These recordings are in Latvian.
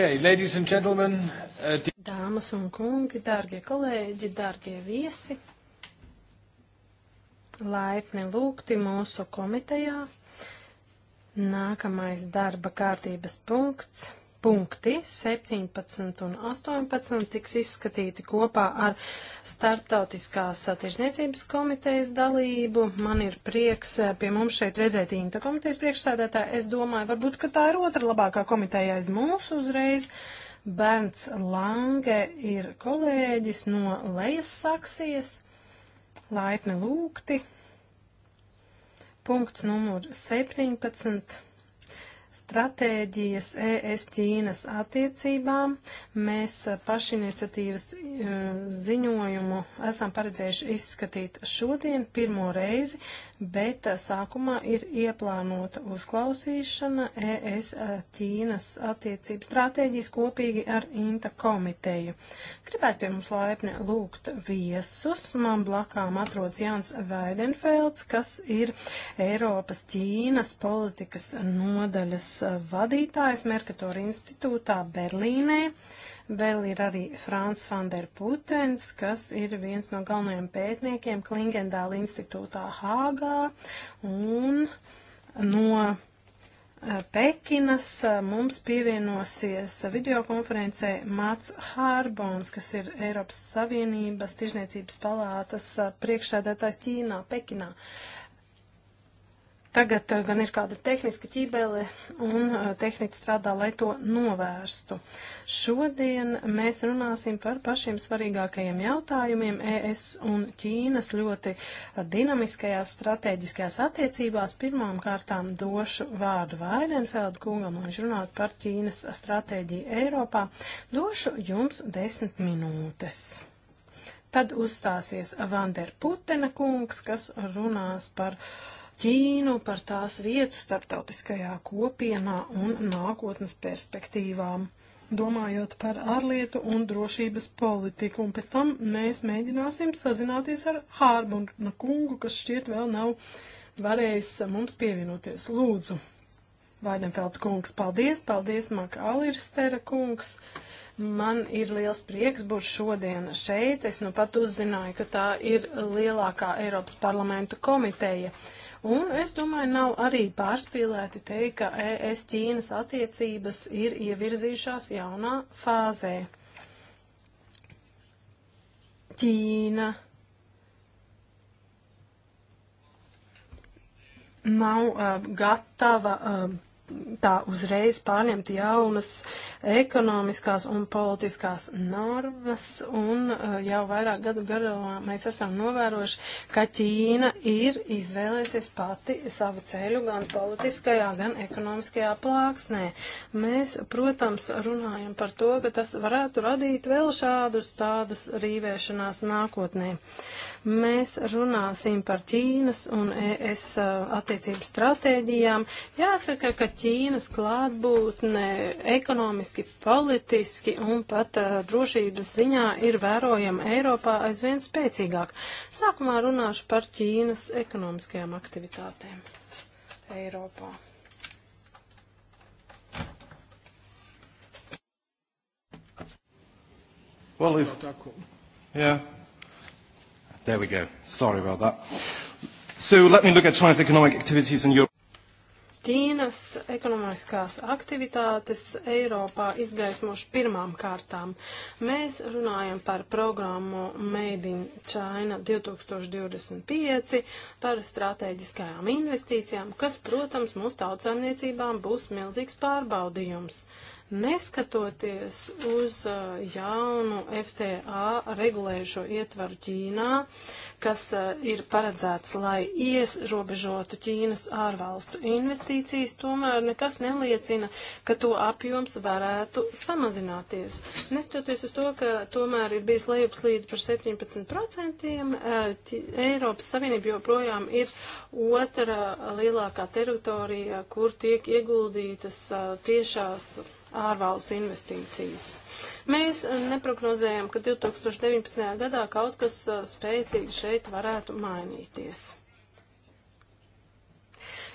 Okay, ladies and gentlemen. Uh, Dāmas un kungi, dārgie kolēģi, dārgie viesi, laipni lūgti mūsu komitejā. Nākamais darba kārtības punkts punkti 17 un 18 tiks izskatīti kopā ar Startautiskās tirzniecības komitejas dalību. Man ir prieks eh, pie mums šeit redzēt Inta komitejas priekšsēdētāju. Es domāju, varbūt, ka tā ir otra labākā komiteja aiz mūsu uzreiz. Bērns Lange ir kolēģis no Lejas Saksijas. Laipni lūgti. Punkts numur 17 stratēģijas ES Ķīnas attiecībām. Mēs pašiniciatīvas e, ziņojumu esam paredzējuši izskatīt šodien pirmo reizi, bet e, sākumā ir ieplānota uzklausīšana ES Ķīnas attiecību stratēģijas kopīgi ar INTA komiteju. Gribētu pie mums laipni lūgt viesus. Man blakām atrodas Jānis Vaidenfelds, kas ir Eiropas Ķīnas politikas nodaļas Eh, vadītājs Merkatora institūtā Berlīnē. Vēl ir arī Frans van der Putens, kas ir viens no galvenajiem pētniekiem Klingendāla institūtā Hāgā. Un no eh, Pekinas eh, mums pievienosies videokonferencē Mats Hārbons, kas ir Eiropas Savienības tirzniecības palātas priekšsēdētājs Ķīnā, Pekinā. Uh, Tagad eh, gan ir kāda tehniska ķībele un eh, tehnika strādā, lai to novērstu. Šodien mēs runāsim par pašiem svarīgākajiem jautājumiem ES un Ķīnas ļoti eh, dinamiskajās strateģiskajās attiecībās. Pirmām kārtām došu vārdu Vaidenfeld kungam, lai viņš runātu par Ķīnas stratēģiju Eiropā. Došu jums desmit minūtes. Tad uzstāsies Vander Putena kungs, kas runās par. Uh, Ķīnu, par tās vietu starptautiskajā kopienā un nākotnes perspektīvām, domājot par ārlietu un drošības politiku. Un pēc tam mēs mēģināsim sazināties ar Hārbuna kungu, kas šķiet vēl nav varējis mums pievienoties. Lūdzu, Vaidenfeld kungs, paldies, paldies, Makālirstera kungs. Man ir liels prieks būt šodien šeit. Es nu pat uzzināju, ka tā ir lielākā Eiropas parlamenta komiteja. Uh, Un es domāju, nav arī pārspīlēti teikt, ka ES Ķīnas attiecības ir ievirzījušās jaunā fāzē. Ķīna nav uh, gatava. Uh, tā uzreiz pārņemt jaunas ekonomiskās un politiskās normas, un uh, jau vairāk gadu garumā mēs esam novērojuši, ka Ķīna ir izvēlējusies pati savu ceļu gan politiskajā, gan ekonomiskajā plāksnē. Mēs, protams, runājam par to, ka tas varētu radīt vēl šādus tādas rīvēšanās nākotnē. Mēs runāsim par Ķīnas un ES uh, attiecību stratēģijām. Jāsaka, ka Ķīnas klātbūtne ekonomiski, politiski un pat uh, drošības ziņā ir vērojama Eiropā aizvien spēcīgāk. Sākumā runāšu par Ķīnas ekonomiskajām aktivitātēm Eiropā. Well, if, yeah, There we go. Sorry about that. So let me look at China's economic activities in Europe. Ķīnas ekonomiskās aktivitātes Eiropā izgaismoši pirmām kārtām. Mēs runājam par programmu Made in China 2025, par strateģiskajām investīcijām, kas, protams, mūsu tautsāniecībām būs milzīgs pārbaudījums. Neskatoties uz eh, jaunu FTA regulējušo ietvaru Ķīnā, kas eh, ir paredzēts, lai ierobežotu Ķīnas ārvalstu investīcijas, tomēr nekas neliecina, ka to apjoms varētu samazināties. Neskatoties uz to, ka tomēr ir bijis lejupslīde par 17%, eh, Eiropas Savienība joprojām ir otra lielākā teritorija, kur tiek ieguldītas tiešās ārvalstu investīcijas. Mēs eh, neprognozējam, ka 2019. gadā kaut kas eh, spēcīgi šeit varētu mainīties.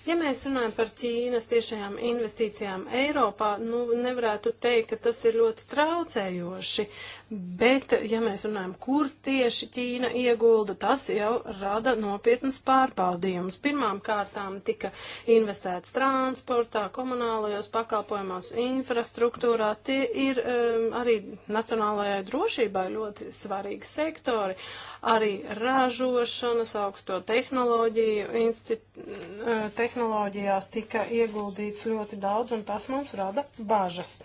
Ja mēs runājam par Ķīnas tiešajām investīcijām Eiropā, nu nevarētu teikt, ka tas ir ļoti traucējoši bet, ja mēs runājam, kur tieši Ķīna iegulda, tas jau rada nopietnus pārbaudījumus. Pirmām kārtām tika investēts transportā, komunālajos pakalpojumos, infrastruktūrā. Tie ir um, arī nacionālajai drošībai ļoti svarīgi sektori, arī ražošanas, augsto tehnoloģiju, instit, uh, tehnoloģijās tika ieguldīts ļoti daudz, un tas mums rada bažas.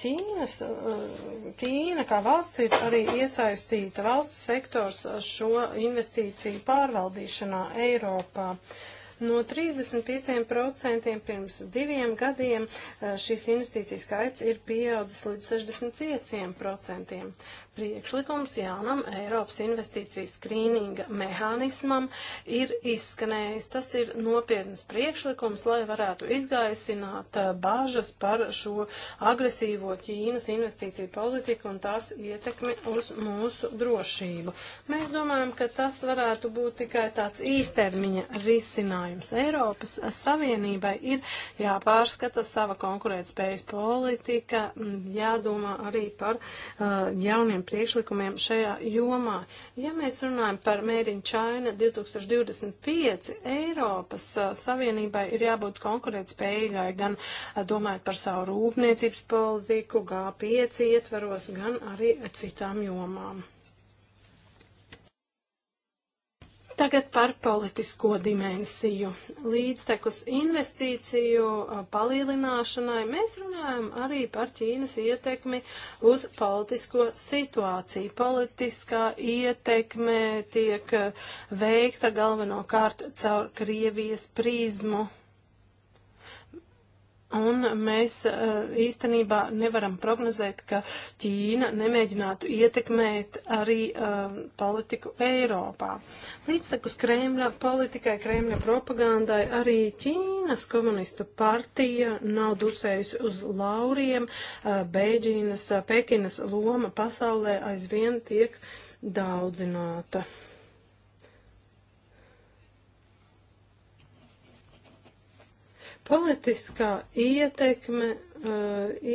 Ķīnas, eh, Ķīna kā valsts ir arī iesaistīta valsts sektors šo investīciju pārvaldīšanā Eiropā. No 35% pirms diviem gadiem eh, šīs investīcijas skaits ir pieaudzis līdz 65% priekšlikums jaunam Eiropas investīciju skrīninga mehānismam ir izskanējis. Tas ir nopietnas priekšlikums, lai varētu izgaisināt eh, bāžas par šo agresīvo Ķīnas investīciju politiku un tās ietekmi uz mūsu drošību. Mēs domājam, ka tas varētu būt tikai tāds īstermiņa risinājums. Eiropas Savienībai ir jāpārskata sava konkurētspējas politika, jādomā arī par uh, jauniem priekšlikumiem šajā jomā. Ja mēs runājam par mēriņu Čaina 2025, Eiropas Savienībai ir jābūt konkurētspējīgai gan domājot par savu rūpniecības politiku, G5 ietvaros, gan arī citām jomām. Tagad par politisko dimensiju. Līdztekus investīciju palielināšanai mēs runājam arī par Ķīnas ietekmi uz politisko situāciju. Politiskā ietekme tiek veikta galvenokārt caur Krievijas prizmu. Un mēs eh, īstenībā nevaram prognozēt, ka Ķīna nemēģinātu ietekmēt arī um, politiku Eiropā. Līdztekus Kremļa politikai, Kremļa propagandai arī Ķīnas komunistu partija nav dusējusi uz lauriem. Eh, Beidžīnas, Pekinas loma pasaulē aizvien tiek daudzināta. Politiskā ietekme uh,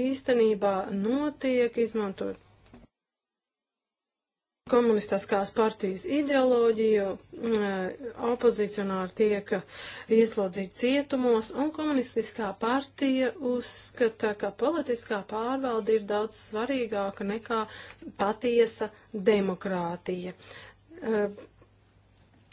īstenībā notiek izmantot komunistiskās partijas ideoloģiju, eh, opozicionāri tiek ieslodzīti cietumos, un komunistiskā partija uzskata, ka politiskā pārvalde ir daudz svarīgāka nekā patiesa demokrātija. Eh,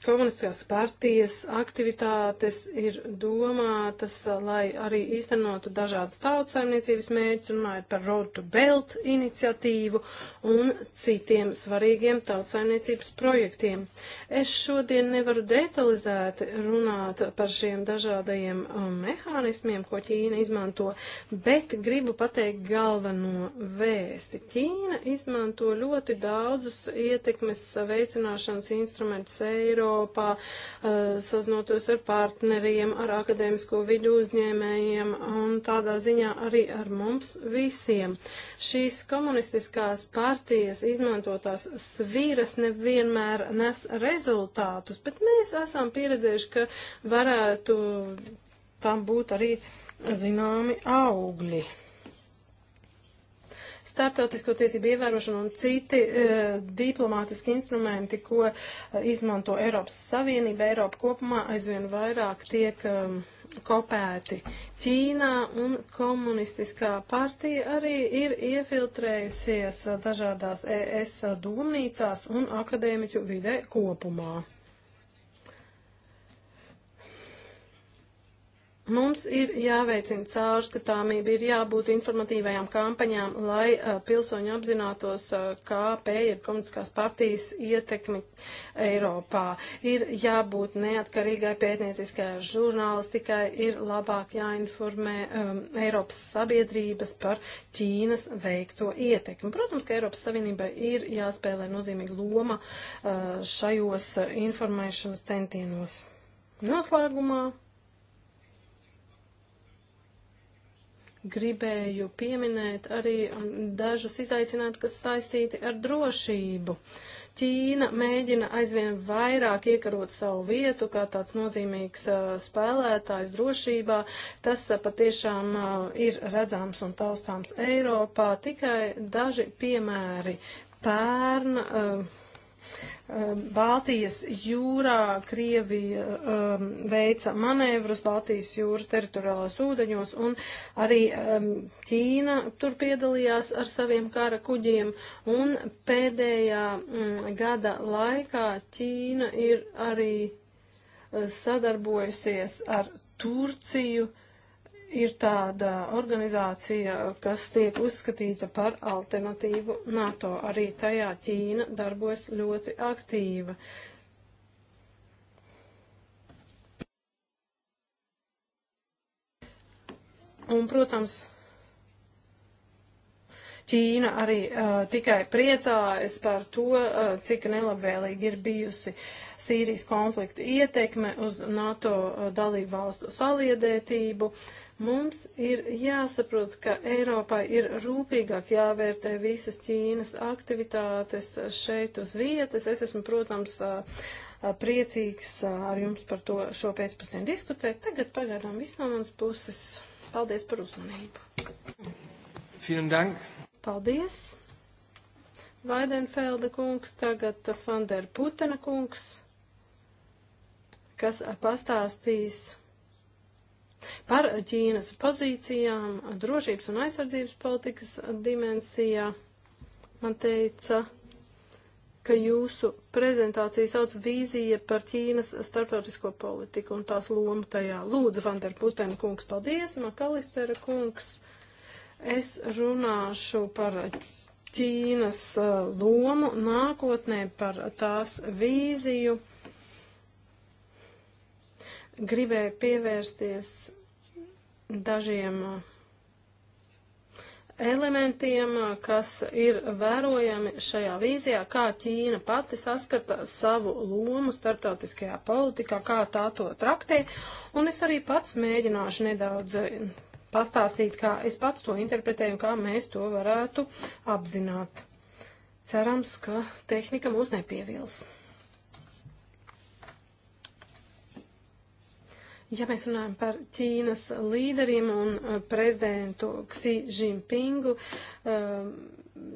Komunistiskās partijas aktivitātes ir domātas, lai arī īstenotu dažādas tautsaimniecības mērķus, runājot par Road to Belt iniciatīvu un citiem svarīgiem tautsaimniecības projektiem. Es šodien nevaru detalizēti runāt par šiem dažādajiem um, mehānismiem, ko Ķīna izmanto, bet gribu pateikt galveno vēsti. Ķīna izmanto ļoti daudzus ietekmes veicināšanas instrumentus eiro, Eiropā, eh, saznotos ar partneriem, ar akadēmisko vidu uzņēmējiem un tādā ziņā arī ar mums visiem. Šīs komunistiskās partijas izmantotās svīras nevienmēr nes rezultātus, bet mēs esam pieredzējuši, ka varētu tam būt arī zināmi augļi starptautisko tiesību ievērošana un citi e, diplomātiski instrumenti, ko e, izmanto Eiropas Savienība, Eiropa kopumā aizvien vairāk tiek e, kopēti. Ķīnā un komunistiskā partija arī ir iefiltrējusies dažādās ES domnīcās un akadēmiķu vidē kopumā. Mums ir jāveicina caurskatāmība, ir jābūt informatīvajām kampaņām, lai uh, pilsoņi apzinātos, uh, KP, jeb komunistiskās partijas ietekmi Eiropā. Ir jābūt neatkarīgai pētnieciskai žurnālistikai, ir labāk jāinformē um, Eiropas sabiedrības par Ķīnas veikto ietekmi. Protams, ka Eiropas Savienībai ir jāspēlē nozīmīga loma uh, šajos informēšanas centienos. Noslēgumā gribēju pieminēt arī dažus izaicinājumus, kas saistīti ar drošību. Ķīna mēģina aizvien vairāk iekarot savu vietu kā tāds nozīmīgs uh, spēlētājs drošībā. Tas uh, patiešām uh, ir redzams un taustāms Eiropā. Tikai daži piemēri pērn. Uh, Um, Baltijas jūrā Krievija um, veica manevrus Baltijas jūras teritoriālās ūdeņos un arī um, Ķīna tur piedalījās ar saviem kara kuģiem un pēdējā um, gada laikā Ķīna ir arī uh, sadarbojusies ar Turciju. Uh, ir tāda organizācija, kas tiek uzskatīta par alternatīvu NATO. Arī tajā Ķīna darbojas ļoti aktīva. Un, protams, Ķīna arī uh, tikai priecājas par to, uh, cik nelabvēlīgi ir bijusi Sīrijas konflikta ietekme uz NATO uh, dalību valstu saliedētību. Uh, Mums ir jāsaprot, ka Eiropai ir rūpīgāk jāvērtē visas Ķīnas aktivitātes šeit uz vietas. Es esmu, protams, priecīgs ar jums par to šo pēcpusdienu diskutēt. Tagad pagaidām viss no manas puses. Paldies par uzmanību. Vielen Dank. Paldies. Vaidenfelda kungs, tagad Fander Putena kungs, kas pastāstīs Par Ķīnas pozīcijām drošības un aizsardzības politikas dimensijā man teica, ka jūsu prezentācija sauc vīzija par Ķīnas starptautisko politiku un tās lomu tajā. Lūdzu, Vander Putena kungs, paldies, Makalistera kungs. Es runāšu par Ķīnas uh, lomu nākotnē, par tās vīziju Gribēju pievērsties dažiem elementiem, kas ir vērojami šajā vīzijā, kā Ķīna pati saskata savu lomu starptautiskajā politikā, kā tā to traktē, un es arī pats mēģināšu nedaudz pastāstīt, kā es pats to interpretēju un kā mēs to varētu apzināt. Cerams, ka tehnika mūs nepievils. Ja mēs runājam par Ķīnas līderiem un eh, prezidentu Xi Jinpingu, eh,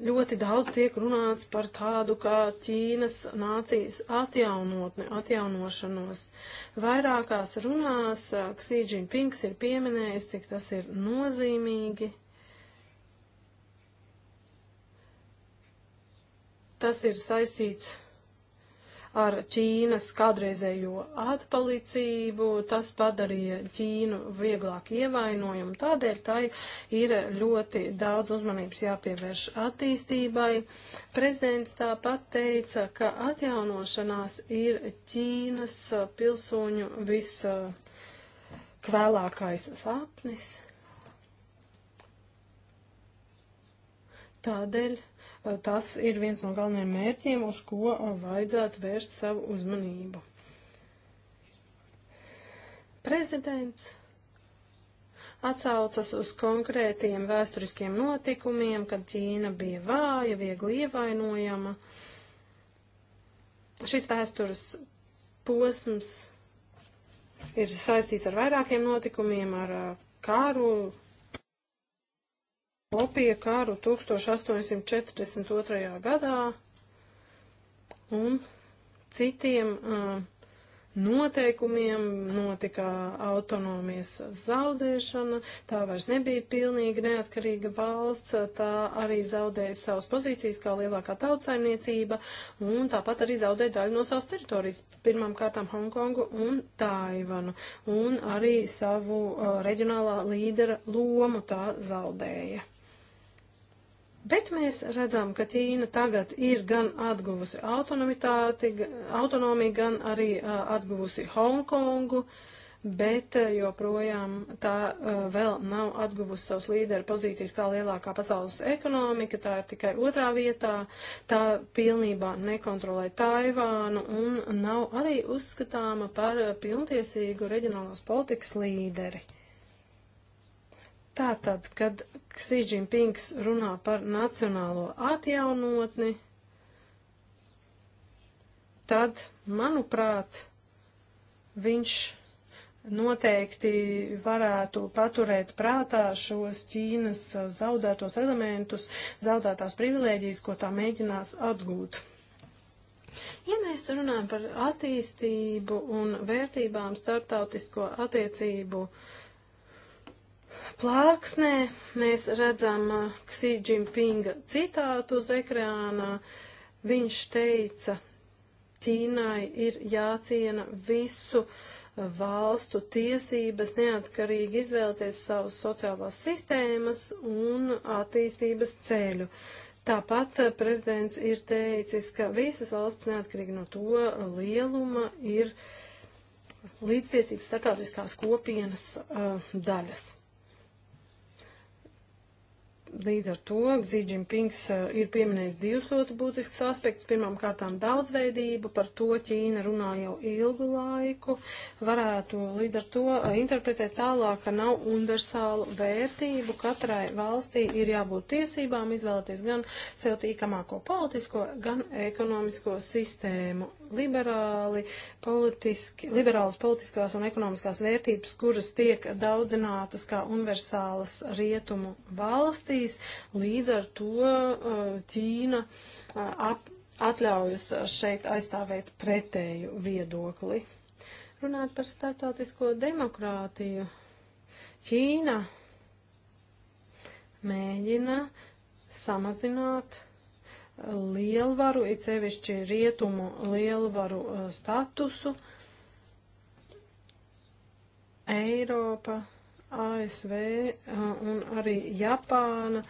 ļoti daudz tiek runāts par tādu kā Ķīnas nācijas atjaunotni, atjaunošanos. Vairākās runās eh, Xi Jinpings ir pieminējis, cik tas ir nozīmīgi. Tas ir saistīts ar Ķīnas kādreizējo atpalicību, tas padarīja Ķīnu vieglāk ievainojumu, tādēļ tai ir ļoti daudz uzmanības jāpievērš attīstībai. Prezidents tāpat teica, ka atjaunošanās ir Ķīnas pilsoņu viskvēlākais sapnis. Tādēļ tas ir viens no galvenajiem mērķiem, uz ko uh, vajadzētu vērst savu uzmanību. Prezidents atsaucas uz konkrētiem vēsturiskiem notikumiem, kad Ķīna bija vāja, viegli ievainojama. Šis vēstures posms ir saistīts ar vairākiem notikumiem, ar uh, kāru, lopīja kāru 1842. gadā un citiem uh, noteikumiem notika autonomijas zaudēšana, tā vairs nebija pilnīgi neatkarīga valsts, tā arī zaudēja savas pozīcijas kā lielākā tautsaimniecība un tāpat arī zaudēja daļu no savas teritorijas, pirmām kārtām Hongkongu un Taivanu, un arī savu uh, reģionālā līdera lomu tā zaudēja. Bet mēs redzam, ka Ķīna tagad ir gan atguvusi autonomitāti, autonomiju, gan arī atguvusi Hongkongu, bet joprojām tā vēl nav atguvusi savas līderu pozīcijas kā lielākā pasaules ekonomika, tā ir tikai otrā vietā, tā pilnībā nekontrolē Taivānu un nav arī uzskatāma par pilntiesīgu reģionālās politikas līderi. Tātad, kad Xi Jinpings runā par nacionālo atjaunotni, tad, manuprāt, viņš noteikti varētu paturēt prātā šos Ķīnas zaudētos elementus, zaudētās privilēģijas, ko tā mēģinās atgūt. Ja mēs runājam par attīstību un vērtībām starptautisko attiecību uh, plāksnē mēs redzam uh, Xi Jinpinga citātu uz ekrāna. Viņš teica, Ķīnai ir jāciena visu uh, valstu tiesības neatkarīgi izvēlēties savas sociālās sistēmas un attīstības ceļu. Tāpat uh, prezidents ir teicis, ka visas valsts neatkarīgi no to lieluma ir līdztiesīgas starptautiskās kopienas uh, daļas. Līdz ar to Zīģimpings uh, ir pieminējis divus ļoti būtiskus aspektus. Pirmkārt, daudzveidība, par to Ķīna runā jau ilgu laiku. Varētu līdz ar to uh, interpretēt tālāk, ka nav universālu vērtību. Katrai valstī ir jābūt tiesībām izvēlēties gan sev tīkamāko politisko, gan ekonomisko sistēmu liberāli politiski, liberālas politiskās un ekonomiskās vērtības, kuras tiek daudzinātas kā universālas rietumu valstīs, līdz ar to uh, Ķīna uh, ap, atļaujas šeit aizstāvēt pretēju viedokli. Runāt par starptautisko demokrātiju. Ķīna mēģina samazināt lielvaru, it sevišķi rietumu lielvaru uh, statusu. Eiropa, ASV uh, un arī Japāna,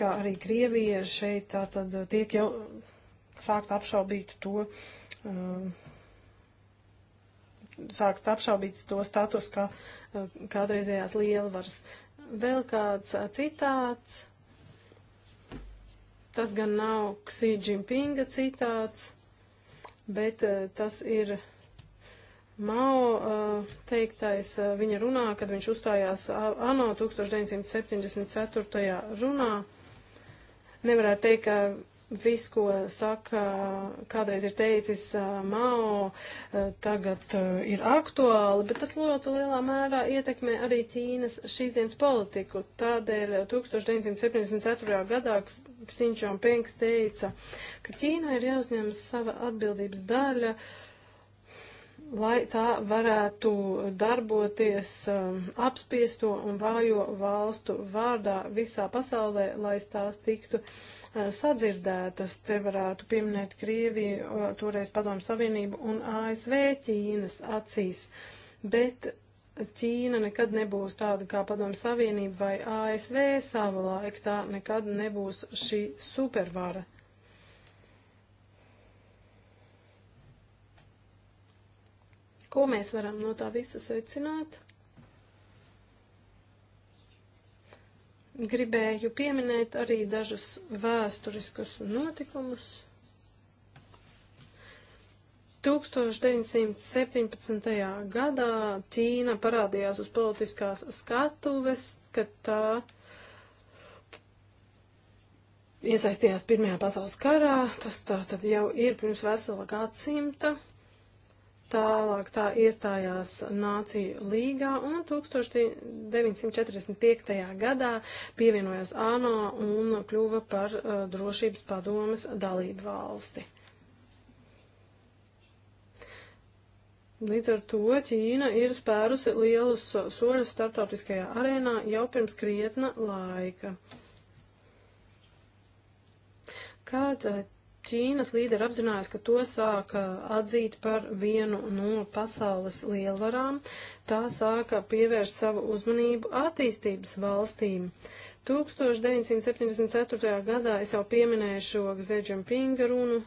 kā arī Krievija šeit tātad uh, tiek jau sākt apšaubīt to, um, sākt apšaubīt to status, kā kādreizējās lielvaras. Vēl kāds citāts Tas gan nav Xi Jinpinga citāts, bet eh, tas ir Mao eh, teiktais. Eh, viņa runā, kad viņš uzstājās ANO 1974. runā. Nevarētu teikt, ka viss, ko saka, kādreiz ir teicis Mao, tagad ir aktuāli, bet tas ļoti lielā mērā ietekmē arī Ķīnas šīsdienas politiku. Tādēļ 1974. gadā Xinjiang Pengs teica, ka Ķīnai ir jāuzņemas sava atbildības daļa, lai tā varētu darboties apspiesto un vājo valstu vārdā visā pasaulē, lai tās tiktu Eh, sadzirdētas. Te varētu pieminēt Krieviju, toreiz Padomu Savienību un ASV Ķīnas acīs. Bet Ķīna nekad nebūs tāda kā Padomu Savienība vai ASV sava laika, tā nekad nebūs šī supervara. Ko mēs varam no tā visa secināt? gribēju pieminēt arī dažus vēsturiskus notikumus. 1917. gadā Ķīna parādījās uz politiskās skatuves, kad tā iesaistījās Pirmajā pasaules karā. Tas tā tad jau ir pirms vesela gadsimta. Tālāk tā iestājās Nāciju līgā un 1945. gadā pievienojās ANO un kļuva par uh, drošības padomas dalību valsti. Līdz ar to Ķīna ir spērusi lielus soļus starptautiskajā arēnā jau pirms krietna laika. Kad Ķīnas līderi apzinājās, ka to sāka atzīt par vienu no pasaules lielvarām, tā sāka pievērst savu uzmanību attīstības valstīm. 1974. gadā es jau pieminēju šo Gzedžam Pinga runu.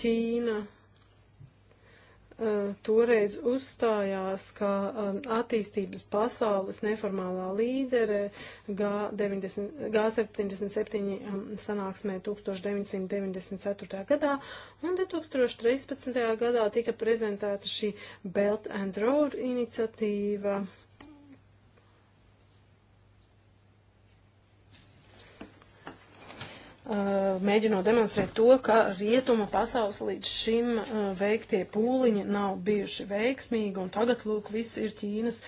Ķīna toreiz uzstājās kā attīstības pasaules neformālā līdere G90, G77 sanāksmē 1994. gadā, un 2013. gadā tika prezentēta šī Belt and Road iniciatīva. Mm Uh, mēģinot demonstrēt to, ka rietuma pasaules līdz šim uh, veiktie pūliņi nav bijuši veiksmīgi, un tagad, lūk, viss ir Ķīnas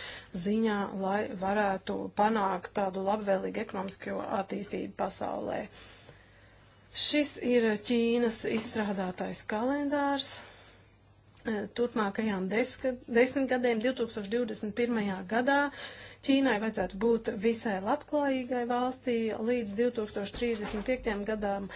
ziņā, lai varētu panākt tādu labvēlīgu ekonomisko attīstību pasaulē. Šis ir Ķīnas izstrādātais kalendārs. Eh, turpmākajām desmitgadēm, 2021. gadā, Ķīnai vajadzētu būt visai labklājīgai valstī, līdz 2035. gadām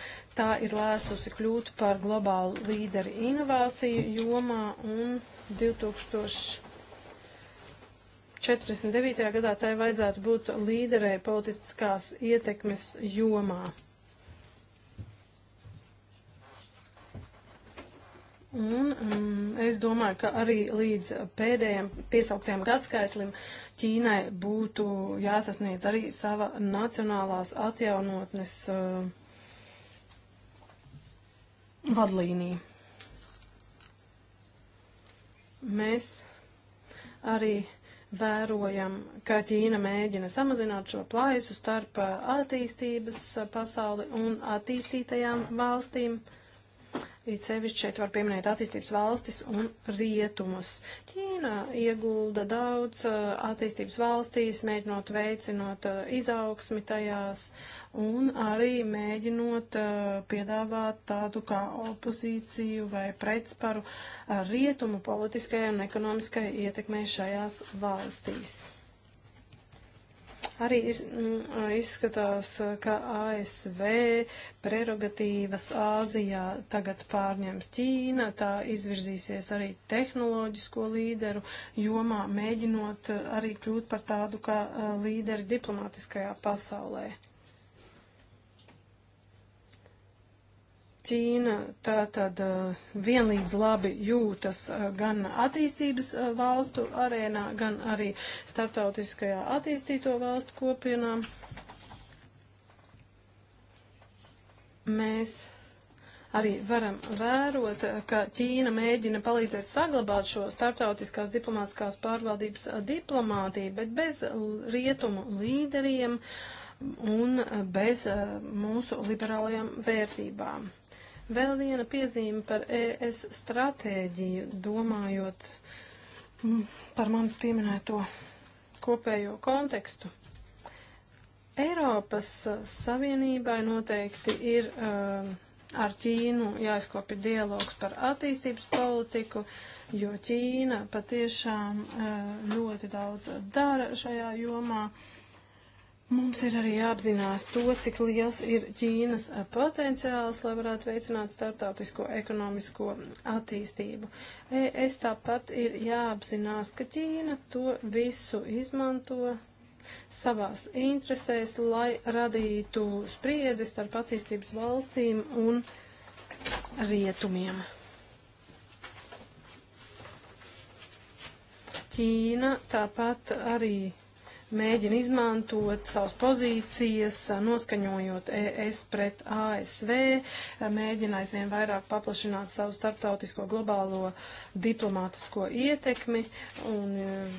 tā ir lēsusi kļūt par globālu līderi inovāciju jomā un 2049. gadā tai vajadzētu būt līderē politiskās ietekmes jomā. Un mm, es domāju, ka arī līdz pēdējiem piesauktajiem gadskaitlim Ķīnai būtu jāsasniedz arī sava nacionālās atjaunotnes uh, vadlīnija. Mēs arī vērojam, ka Ķīna mēģina samazināt šo plaisu starp uh, attīstības uh, pasauli un attīstītajām valstīm. Uh, It sevišķi šeit var pieminēt attīstības valstis un rietumus. Ķīna iegulda daudz uh, attīstības valstīs, mēģinot veicinot uh, izaugsmi tajās un arī mēģinot uh, piedāvāt tādu kā opozīciju vai pretsparu rietumu politiskajai un ekonomiskajai ietekmē šajās valstīs. Arī mm, izskatās, ka ASV prerogatīvas Āzijā tagad pārņems Ķīna, tā izvirzīsies arī tehnoloģisko līderu jomā, mēģinot arī kļūt par tādu kā līderi diplomātiskajā pasaulē. Ķīna tātad vienlīdz labi jūtas gan attīstības valstu arēnā, gan arī starptautiskajā attīstīto valstu kopienā. Mēs arī varam vērot, ka Ķīna mēģina palīdzēt saglabāt šo starptautiskās diplomātiskās pārvaldības diplomātiju, bet bez rietumu līderiem un bez mūsu liberālajām vērtībām. Vēl viena piezīme par ES stratēģiju, domājot mm, par manas pieminēto kopējo kontekstu. Eiropas Savienībai noteikti ir uh, ar Ķīnu jāizkopja dialogs par attīstības politiku, jo Ķīna patiešām uh, ļoti daudz dara šajā jomā. Uh, Mums ir arī jāapzinās to, cik liels ir Ķīnas eh, potenciāls, lai varētu veicināt startautisko ekonomisko attīstību. Es tāpat ir jāapzinās, ka Ķīna to visu izmanto savās interesēs, lai radītu spriedzi starp attīstības valstīm un rietumiem. Ķīna tāpat arī mēģina izmantot savas pozīcijas, noskaņojot ES pret ASV, mēģina aizvien vairāk paplašināt savu starptautisko globālo diplomātisko ietekmi. Un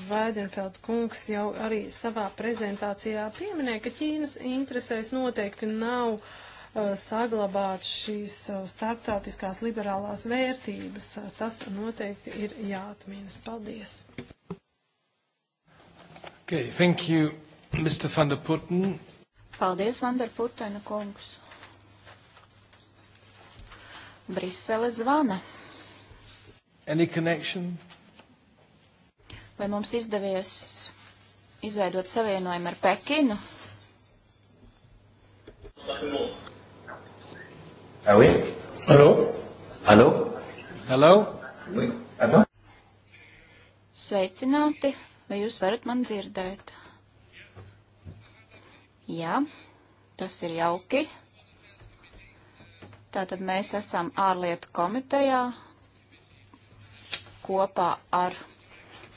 Vaidenfeld e, kungs jau arī savā prezentācijā pieminēja, ka Ķīnas interesēs noteikti nav e, saglabāt šīs e, starptautiskās liberālās vērtības. Tas noteikti ir jāatminas. Paldies! Okay, thank you, Mr. Van der Putten. Paldies, Vander Putena kungs. Brisele zvana. Any connection? Vai mums izdevies izveidot savienojumu ar Pekinu? Ah oui? Allô? Allô? Allô? Oui, attends. Sveicināti. Vai jūs varat man dzirdēt? Jā, tas ir jauki. Tātad mēs esam ārlietu komitejā kopā ar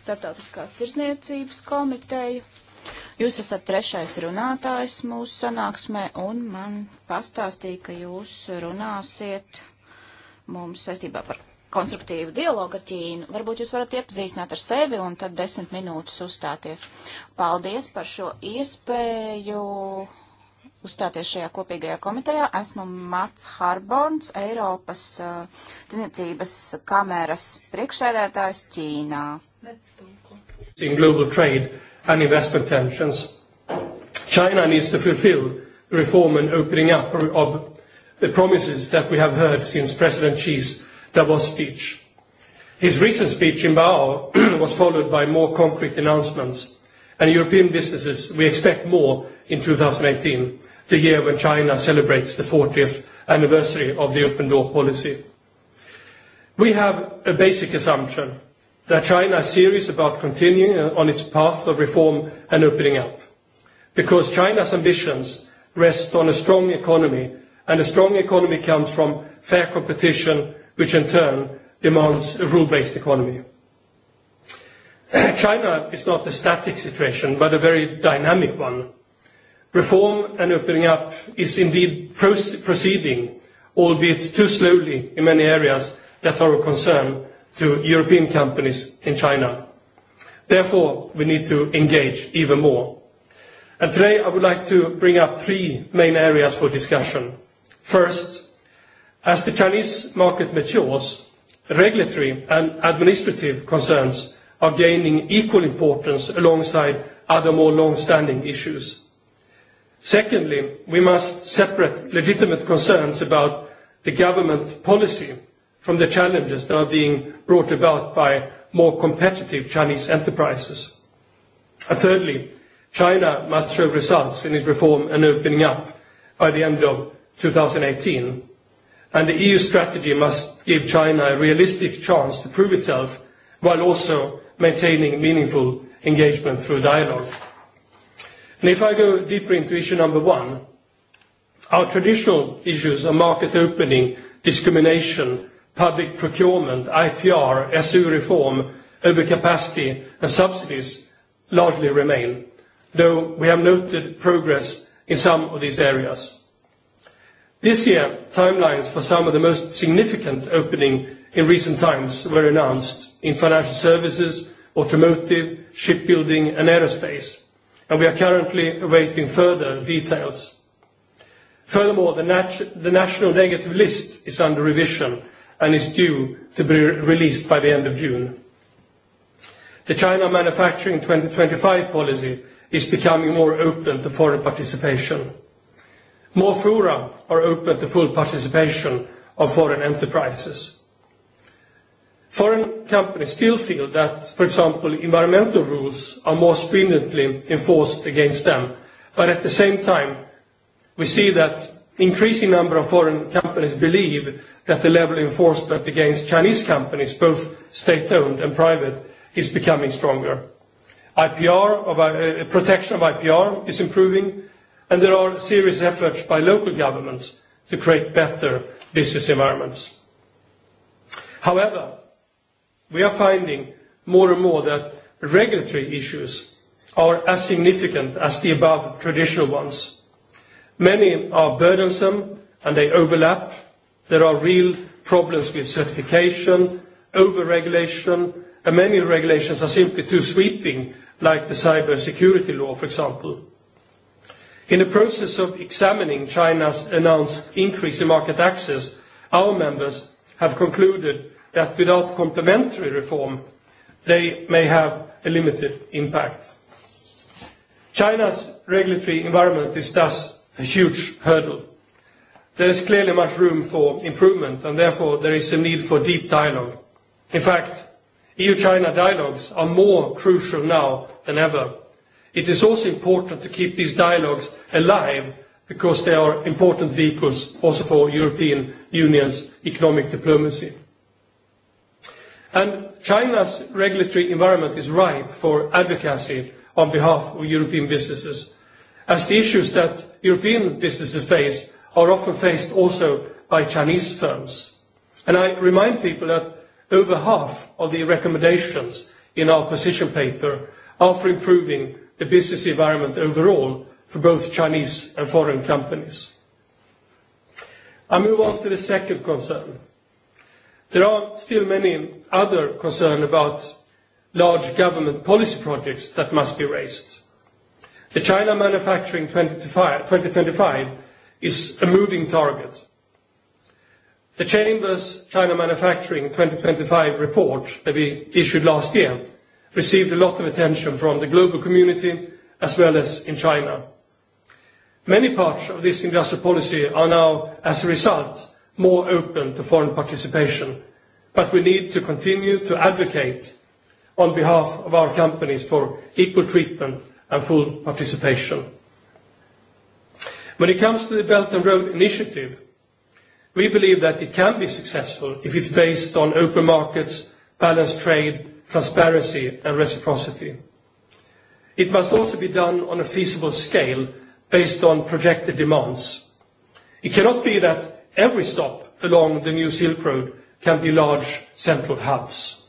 Startautiskās tirzniecības komiteju. Jūs esat trešais runātājs mūsu sanāksmē, un man pastāstīja, ka jūs runāsiet mums saistībā par konstruktīvu dialogu ar Ķīnu. Varbūt jūs varat iepazīstināt ar sevi un tad desmit minūtes uzstāties. Paldies par šo iespēju uzstāties šajā kopīgajā komitejā. Esmu Mats Harborns, Eiropas uh, tirniecības kameras priekšsēdētājs Ķīnā. In global trade and investment tensions, China needs to fulfill the reform and opening up of the promises that we have heard since President Xi's Davos speech. His recent speech in Bao was followed by more concrete announcements. And European businesses, we expect more in 2018, the year when China celebrates the 40th anniversary of the open door policy. We have a basic assumption that China is serious about continuing on its path of reform and opening up, because China's ambitions rest on a strong economy, and a strong economy comes from fair competition, which in turn demands a rule-based economy. China is not a static situation, but a very dynamic one. Reform and opening up is indeed proceeding, albeit too slowly in many areas that are of concern to European companies in China. Therefore, we need to engage even more. And today, I would like to bring up three main areas for discussion. First, As the Chinese market matures, regulatory and administrative concerns are gaining equal importance alongside other more long-standing issues. Secondly, we must separate legitimate concerns about the government policy from the challenges that are being brought about by more competitive Chinese enterprises. And thirdly, China must show results in its reform and opening up by the end of 2018 and the EU strategy must give China a realistic chance to prove itself while also maintaining meaningful engagement through dialogue. And if I go deeper into issue number one, our traditional issues are market opening, discrimination, public procurement, IPR, SU reform, overcapacity, and subsidies largely remain, though we have noted progress in some of these areas. This year, timelines for some of the most significant opening in recent times were announced in financial services, automotive, shipbuilding, and aerospace, and we are currently awaiting further details. Furthermore, the, nat the national negative list is under revision and is due to be re released by the end of June. The China Manufacturing 2025 policy is becoming more open to foreign participation. More fora are open to full participation of foreign enterprises. Foreign companies still feel that, for example, environmental rules are more stringently enforced against them. But at the same time, we see that increasing number of foreign companies believe that the level of enforcement against Chinese companies, both state-owned and private, is becoming stronger. IPR, of, uh, protection of IPR is improving, and there are serious efforts by local governments to create better business environments. However, we are finding more and more that regulatory issues are as significant as the above traditional ones. Many are burdensome, and they overlap. There are real problems with certification, over-regulation, and many regulations are simply too sweeping, like the cybersecurity law, for example. In the process of examining China's announced increase in market access, our members have concluded that without complementary reform, they may have a limited impact. China's regulatory environment is thus a huge hurdle. There is clearly much room for improvement, and therefore there is a need for deep dialogue. In fact, EU-China dialogues are more crucial now than ever It is also important to keep these dialogues alive because they are important vehicles also for European Union's economic diplomacy. And China's regulatory environment is ripe for advocacy on behalf of European businesses, as the issues that European businesses face are often faced also by Chinese firms. And I remind people that over half of the recommendations in our position paper are for improving the business environment overall for both Chinese and foreign companies. I move on to the second concern. There are still many other concern about large government policy projects that must be raised. The China Manufacturing 2025 is a moving target. The Chamber's China Manufacturing 2025 report that we issued last year received a lot of attention from the global community as well as in China. Many parts of this industrial policy are now, as a result, more open to foreign participation, but we need to continue to advocate on behalf of our companies for equal treatment and full participation. When it comes to the Belt and Road Initiative, we believe that it can be successful if it's based on open markets, balanced trade, transparency, and reciprocity. It must also be done on a feasible scale based on projected demands. It cannot be that every stop along the new Silk Road can be large central hubs.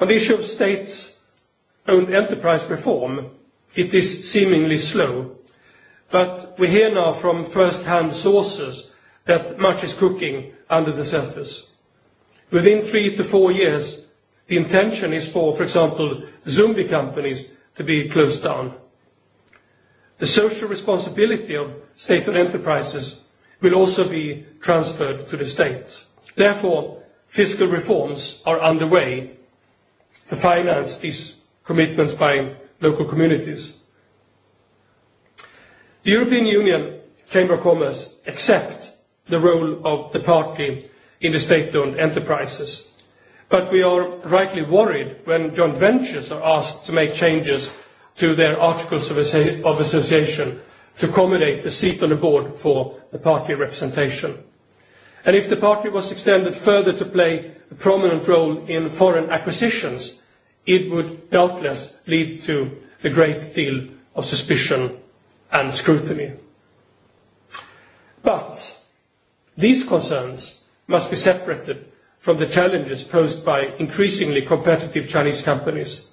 On the issue of state-owned enterprise reform, it is seemingly slow, but we hear now from first-hand sources that much is cooking under the surface. Within three to four years, the intention is for, for example, zombie companies to be closed down. The social responsibility of state-owned enterprises will also be transferred to the state. Therefore, fiscal reforms are underway to finance these commitments by local communities. The European Union Chamber of Commerce accept the role of the party in the state-owned enterprises. But we are rightly worried when joint ventures are asked to make changes to their articles of, associ of association to accommodate the seat on the board for the party representation. And if the party was extended further to play a prominent role in foreign acquisitions, it would doubtless lead to a great deal of suspicion and scrutiny. But these concerns must be separated from the challenges posed by increasingly competitive Chinese companies.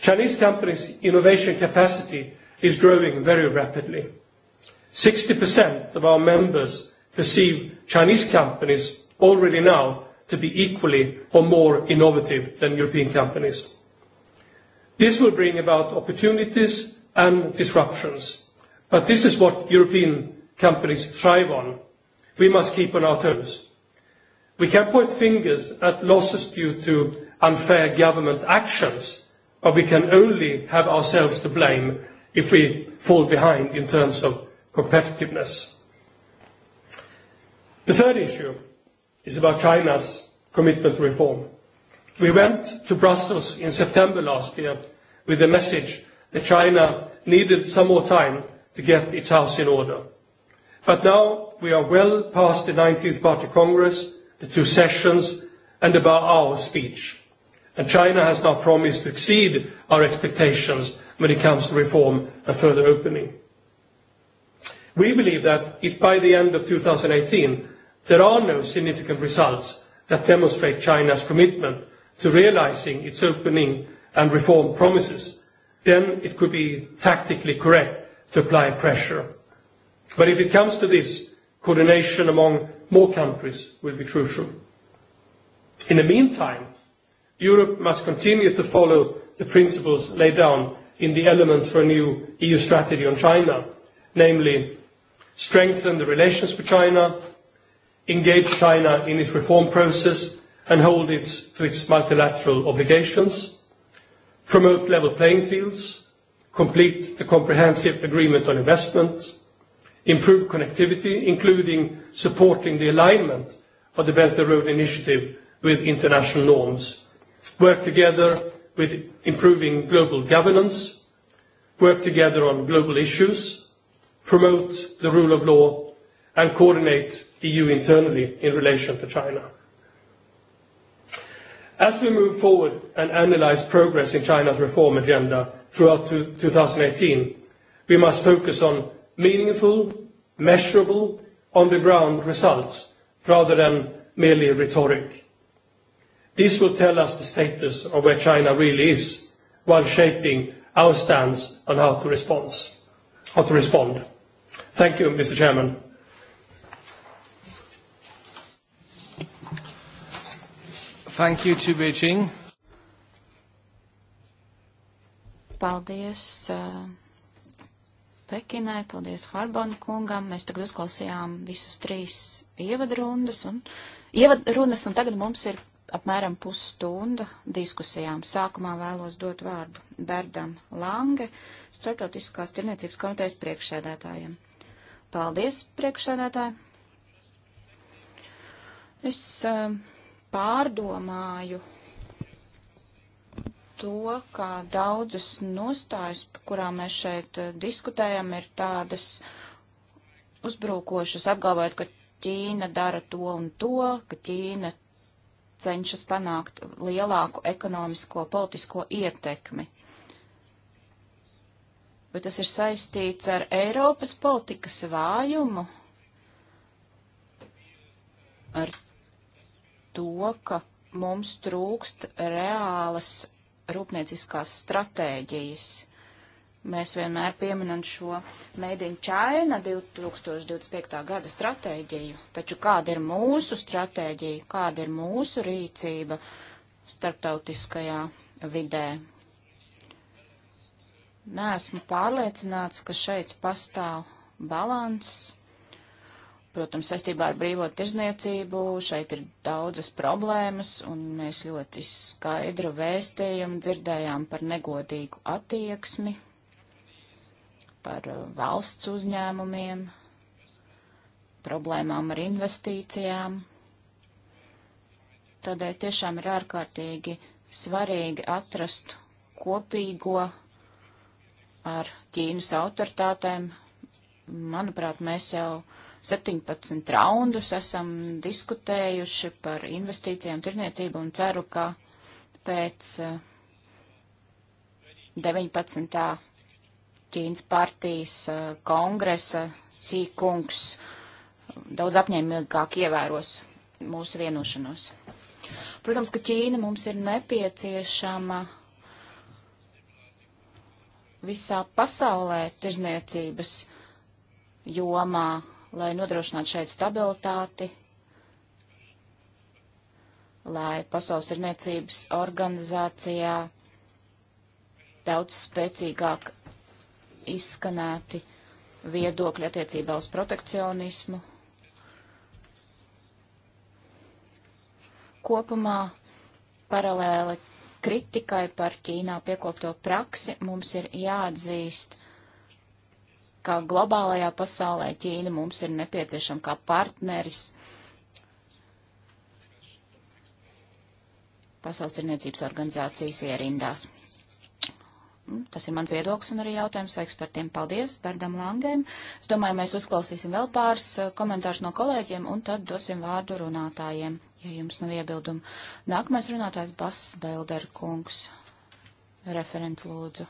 Chinese companies' innovation capacity is growing very rapidly. 60% of our members perceive Chinese companies already now to be equally or more innovative than European companies. This will bring about opportunities and disruptions, but this is what European companies thrive on, we must keep on our toes. We can point fingers at losses due to unfair government actions, but we can only have ourselves to blame if we fall behind in terms of competitiveness. The third issue is about China's commitment to reform. We went to Brussels in September last year with the message that China needed some more time to get its house in order. But now we are well past the 19th Party Congress, the two sessions, and the Ba'ao speech. And China has now promised to exceed our expectations when it comes to reform and further opening. We believe that if by the end of 2018 there are no significant results that demonstrate China's commitment to realizing its opening and reform promises, then it could be tactically correct to apply pressure But if it comes to this, coordination among more countries will be crucial. In the meantime, Europe must continue to follow the principles laid down in the elements for a new EU strategy on China, namely strengthen the relations with China, engage China in its reform process, and hold it to its multilateral obligations, promote level playing fields, complete the comprehensive agreement on investment, improve connectivity, including supporting the alignment of the Belt and Road Initiative with international norms, work together with improving global governance, work together on global issues, promote the rule of law, and coordinate EU internally in relation to China. As we move forward and analyze progress in China's reform agenda throughout 2018, we must focus on meaningful, measurable, on-the-ground results rather than merely rhetoric. This will tell us the status of where China really is while shaping our stance on how to respond. How to respond. Thank you, Mr. Chairman. Thank you to Beijing. Paldies. Uh Pekinai, paldies Harbona kungam. Mēs tagad uzklausījām visus trīs ievadrundas un, ievadrundas, un tagad mums ir apmēram pusstunda diskusijām. Sākumā vēlos dot vārdu Berdam Lange, Startautiskās tirniecības komitejas priekšsēdētājiem. Paldies, priekšsēdētāji! Es uh, pārdomāju to, ka daudzas nostājas, par kurām mēs šeit eh, diskutējam, ir tādas uzbrukošas, apgalvojot, ka Ķīna dara to un to, ka Ķīna cenšas panākt lielāku ekonomisko, politisko ietekmi. Bet tas ir saistīts ar Eiropas politikas vājumu, ar to, ka mums trūkst reālas rūpnieciskās stratēģijas. Mēs vienmēr pieminam šo Made in China 2025. gada stratēģiju, taču kāda ir mūsu stratēģija, kāda ir mūsu rīcība starptautiskajā vidē? Nē, esmu pārliecināts, ka šeit pastāv balanss Protams, saistībā ar brīvo tirzniecību šeit ir daudzas problēmas, un mēs ļoti skaidru vēstījumu dzirdējām par negodīgu attieksmi, par uh, valsts uzņēmumiem, problēmām ar investīcijām. Tādēļ tiešām ir ārkārtīgi svarīgi atrast kopīgo ar Ķīnas autoritātēm. Manuprāt, mēs jau 17 raundus esam diskutējuši par investīcijām, tirniecību un ceru, ka pēc 19. Eh, Ķīnas partijas eh, kongresa Sīkungs eh, daudz apņēmīgāk ievēros mūsu vienošanos. Protams, ka Ķīna mums ir nepieciešama visā pasaulē tirzniecības jomā lai nodrošinātu šeit stabilitāti, lai pasaules rniecības organizācijā daudz spēcīgāk izskanēti viedokļi attiecībā uz protekcionismu. Kopumā paralēli kritikai par Ķīnā piekopto praksi mums ir jāatzīst, ka globālajā pasaulē Ķīna mums ir nepieciešama kā partneris pasaules tirniecības organizācijas ierindās. Nu, tas ir mans viedoklis un arī jautājums ekspertiem. Paldies Berdam Langēm. Es domāju, mēs uzklausīsim vēl pāris eh, komentārus no kolēģiem un tad dosim vārdu runātājiem, ja jums nav iebildumu. Nākamais runātājs Bas Belder kungs. Referents lūdzu.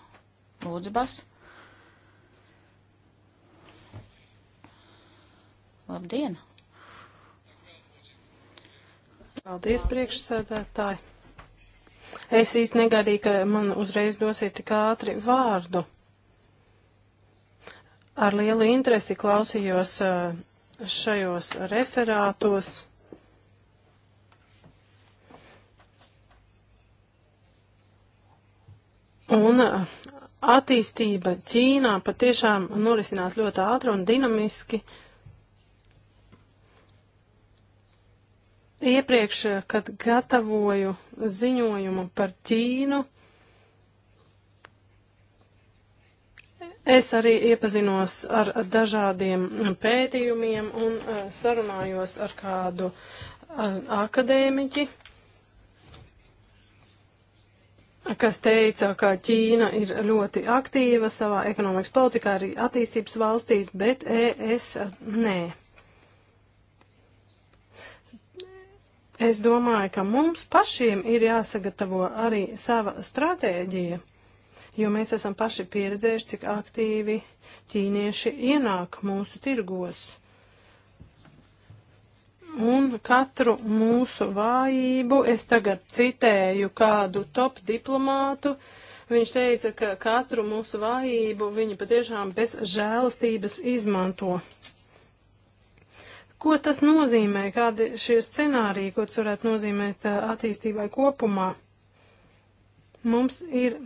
Lūdzu, Bas. Labdien! Paldies, priekšsēdētāji! Es īsti negadīju, ka man uzreiz dosiet tik ātri vārdu. Ar lielu interesi klausījos eh, šajos referātos. Un eh, attīstība Ķīnā patiešām norisinās ļoti ātri un dinamiski. Uh, Iepriekš, eh, kad gatavoju ziņojumu par Ķīnu, Es arī iepazinos ar dažādiem pētījumiem un eh, sarunājos ar kādu eh, akadēmiķi, kas teica, ka Ķīna ir ļoti aktīva savā ekonomikas politikā, arī attīstības valstīs, bet ES nē. Es domāju, ka mums pašiem ir jāsagatavo arī sava stratēģija, jo mēs esam paši pieredzējuši, cik aktīvi ķīnieši ienāk mūsu tirgos. Un katru mūsu vājību, es tagad citēju kādu top diplomātu, viņš teica, ka katru mūsu vājību viņi patiešām bez žēlastības izmanto. Ko tas nozīmē? Kādi šie scenāriji, ko tas varētu nozīmēt eh, attīstībai kopumā? Mums ir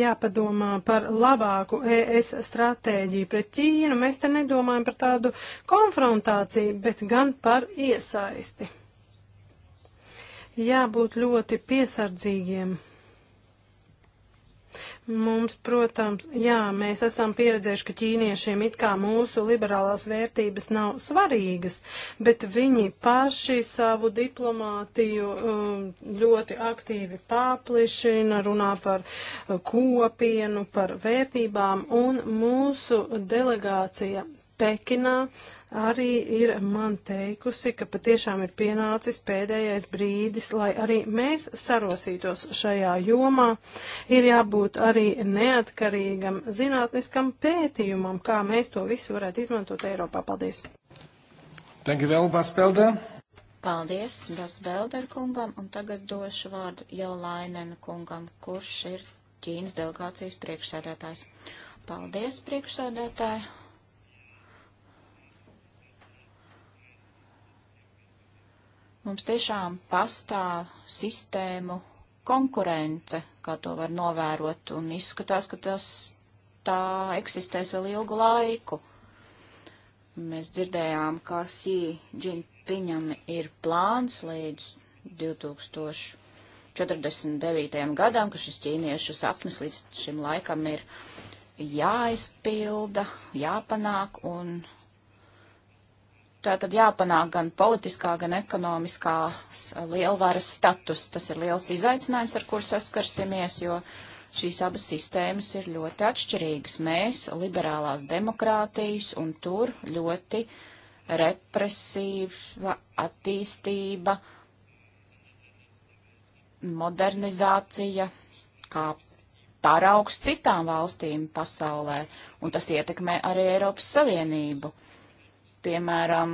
jāpadomā par labāku ES stratēģiju pret Ķīnu. Mēs te nedomājam par tādu konfrontāciju, bet gan par iesaisti. Jābūt ļoti piesardzīgiem Mums, protams, jā, mēs esam pieredzējuši, ka ķīniešiem it kā mūsu liberālās vērtības nav svarīgas, bet viņi paši savu diplomātiju um, ļoti aktīvi paplišina, runā par uh, kopienu, par vērtībām, un mūsu delegācija Pekinā arī ir man teikusi, ka patiešām ir pienācis pēdējais brīdis, lai arī mēs sarosītos šajā jomā. Ir jābūt arī neatkarīgam zinātniskam pētījumam, kā mēs to visu varētu izmantot Eiropā. Paldies! Thank you vēl, Baspelda! Paldies Basbelder kungam, un tagad došu vārdu jau Lainena kungam, kurš ir Ķīnas delegācijas priekšsēdētājs. Paldies, priekšsēdētāji! Mums tiešām pastāv sistēmu konkurence, kā to var novērot, un izskatās, ka tas tā eksistēs vēl ilgu laiku. Mēs dzirdējām, ka Sī Džinpiņam ir plāns līdz 2049. gadam, ka šis ķīniešu sapnis līdz šim laikam ir jāizpilda, jāpanāk, un Tātad jāpanāk gan politiskā, gan ekonomiskā eh, lielvaras status. Tas ir liels izaicinājums, ar kur saskarsimies, jo šīs abas sistēmas ir ļoti atšķirīgas. Mēs, liberālās demokrātijas, un tur ļoti represīva attīstība, modernizācija, kā paraugs citām valstīm pasaulē, un tas ietekmē arī Eiropas Savienību. Piemēram,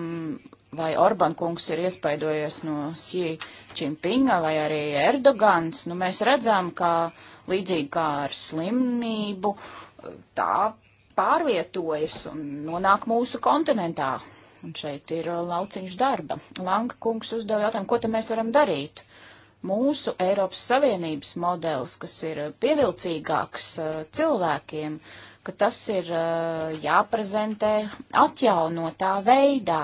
vai Orban kungs ir iespaidojies no Xi Jinpinga vai arī Erdogans, nu mēs redzam, ka līdzīgi kā ar slimnību, tā pārvietojas un nonāk mūsu kontinentā. Un šeit ir lauciņš darba. Langa kungs uzdeva jautājumu, ko te mēs varam darīt? mūsu Eiropas Savienības modelis, kas ir pievilcīgāks uh, cilvēkiem, ka tas ir uh, jāprezentē atjaunotā veidā,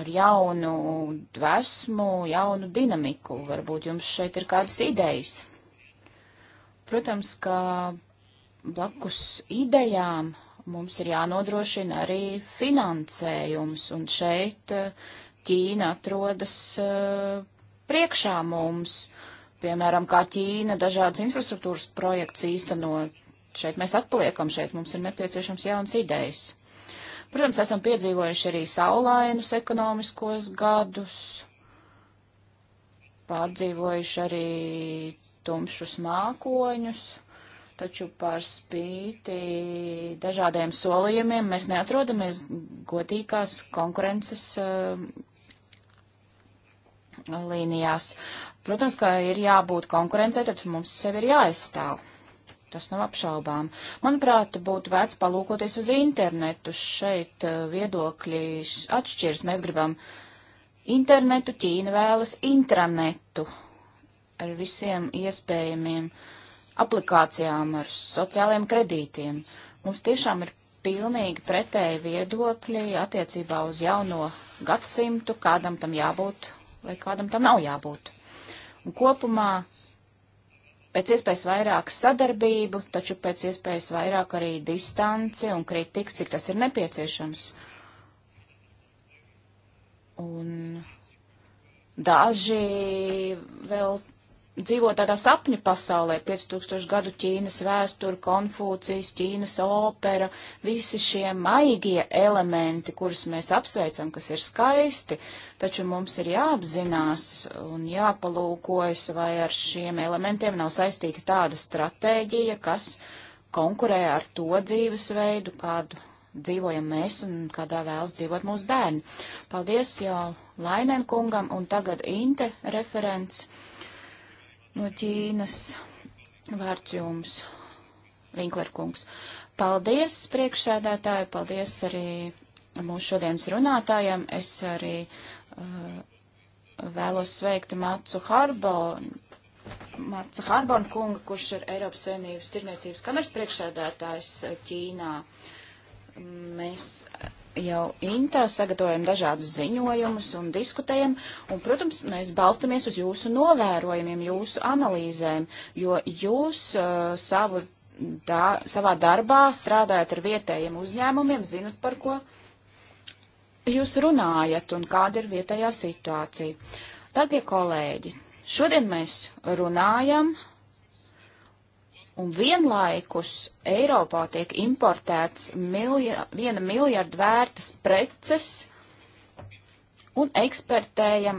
ar jaunu dvēsmu, jaunu dinamiku. Varbūt jums šeit ir kādas idejas. Protams, ka blakus idejām mums ir jānodrošina arī finansējums, un šeit uh, Ķīna atrodas priekšā mums, piemēram, kā Ķīna dažādas infrastruktūras projekts īstenot. Šeit mēs atpaliekam, šeit mums ir nepieciešams jauns idejas. Protams, esam piedzīvojuši arī saulainus ekonomiskos gadus, pārdzīvojuši arī tumšus mākoņus, taču par spīti dažādiem solījumiem mēs neatrodamies godīgās konkurences eh, līnijās. Protams, ka ir jābūt konkurencei, tad mums sevi ir jāaizstāv. Tas nav apšaubām. Manuprāt, būtu vērts palūkoties uz internetu. Šeit eh, viedokļi atšķirs. Mēs gribam internetu, Ķīna vēlas intranetu ar visiem iespējamiem aplikācijām, ar sociālajiem kredītiem. Mums tiešām ir pilnīgi pretēji viedokļi attiecībā uz jauno gadsimtu, kādam tam jābūt vai kādam tam nav jābūt. Un kopumā pēc iespējas vairāk sadarbību, taču pēc iespējas vairāk arī distanci un kritiku, cik tas ir nepieciešams. Un daži vēl dzīvo tādā sapņu pasaulē, 5000 gadu Ķīnas vēsture, Konfūcijas, Ķīnas opera, visi šie maigie elementi, kurus mēs apsveicam, kas ir skaisti, taču mums ir jāapzinās un jāpalūkojas, vai ar šiem elementiem nav saistīta tāda stratēģija, kas konkurē ar to dzīvesveidu, kādu dzīvojam mēs un kādā vēlas dzīvot mūsu bērni. Paldies jau Lainēn kungam un tagad Inte referents no Ķīnas. Vārds jums, Vinklerkungs. Paldies, priekšsēdētāji, paldies arī mūsu šodienas runātājiem. Es arī uh, vēlos sveikt Mācu Harbonu. Māca Harbona kunga, kurš ir Eiropas Savienības tirniecības kameras priekšsēdētājs Ķīnā. Mēs jau intā sagatavojam dažādus ziņojumus un diskutējam, un, protams, mēs balstamies uz jūsu novērojumiem, jūsu analīzēm, jo jūs uh, savu, dā, savā darbā strādājat ar vietējiem uzņēmumiem, zinat par ko jūs runājat un kāda ir vietējā situācija. Darbie kolēģi, šodien mēs runājam Un vienlaikus Eiropā tiek importēts milja, viena miljarda vērtas preces un eksportējam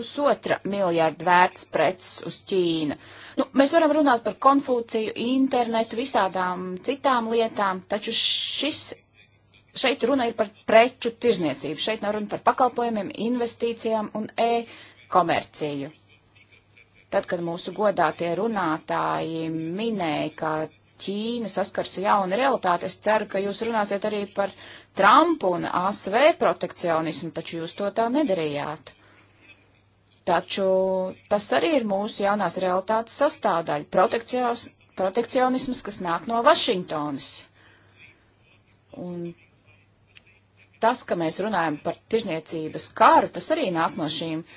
pusotra miljarda vērtas preces uz Ķīnu. Nu, mēs varam runāt par konfūciju, internetu, visādām citām lietām, taču šis, šeit runa ir par preču tirzniecību. Šeit nav runa par pakalpojumiem, investīcijām un e-komerciju. Tad, kad mūsu godātie runātāji minēja, ka Ķīna saskars jauna realitāte, es ceru, ka jūs runāsiet arī par Trumpu un ASV protekcionismu, taču jūs to tā nedarījāt. Taču tas arī ir mūsu jaunās realitātes sastāvdaļa - protekcionisms, kas nāk no Vašingtonas. Un tas, ka mēs runājam par tirzniecības kāru, tas arī nāk no šīm uh,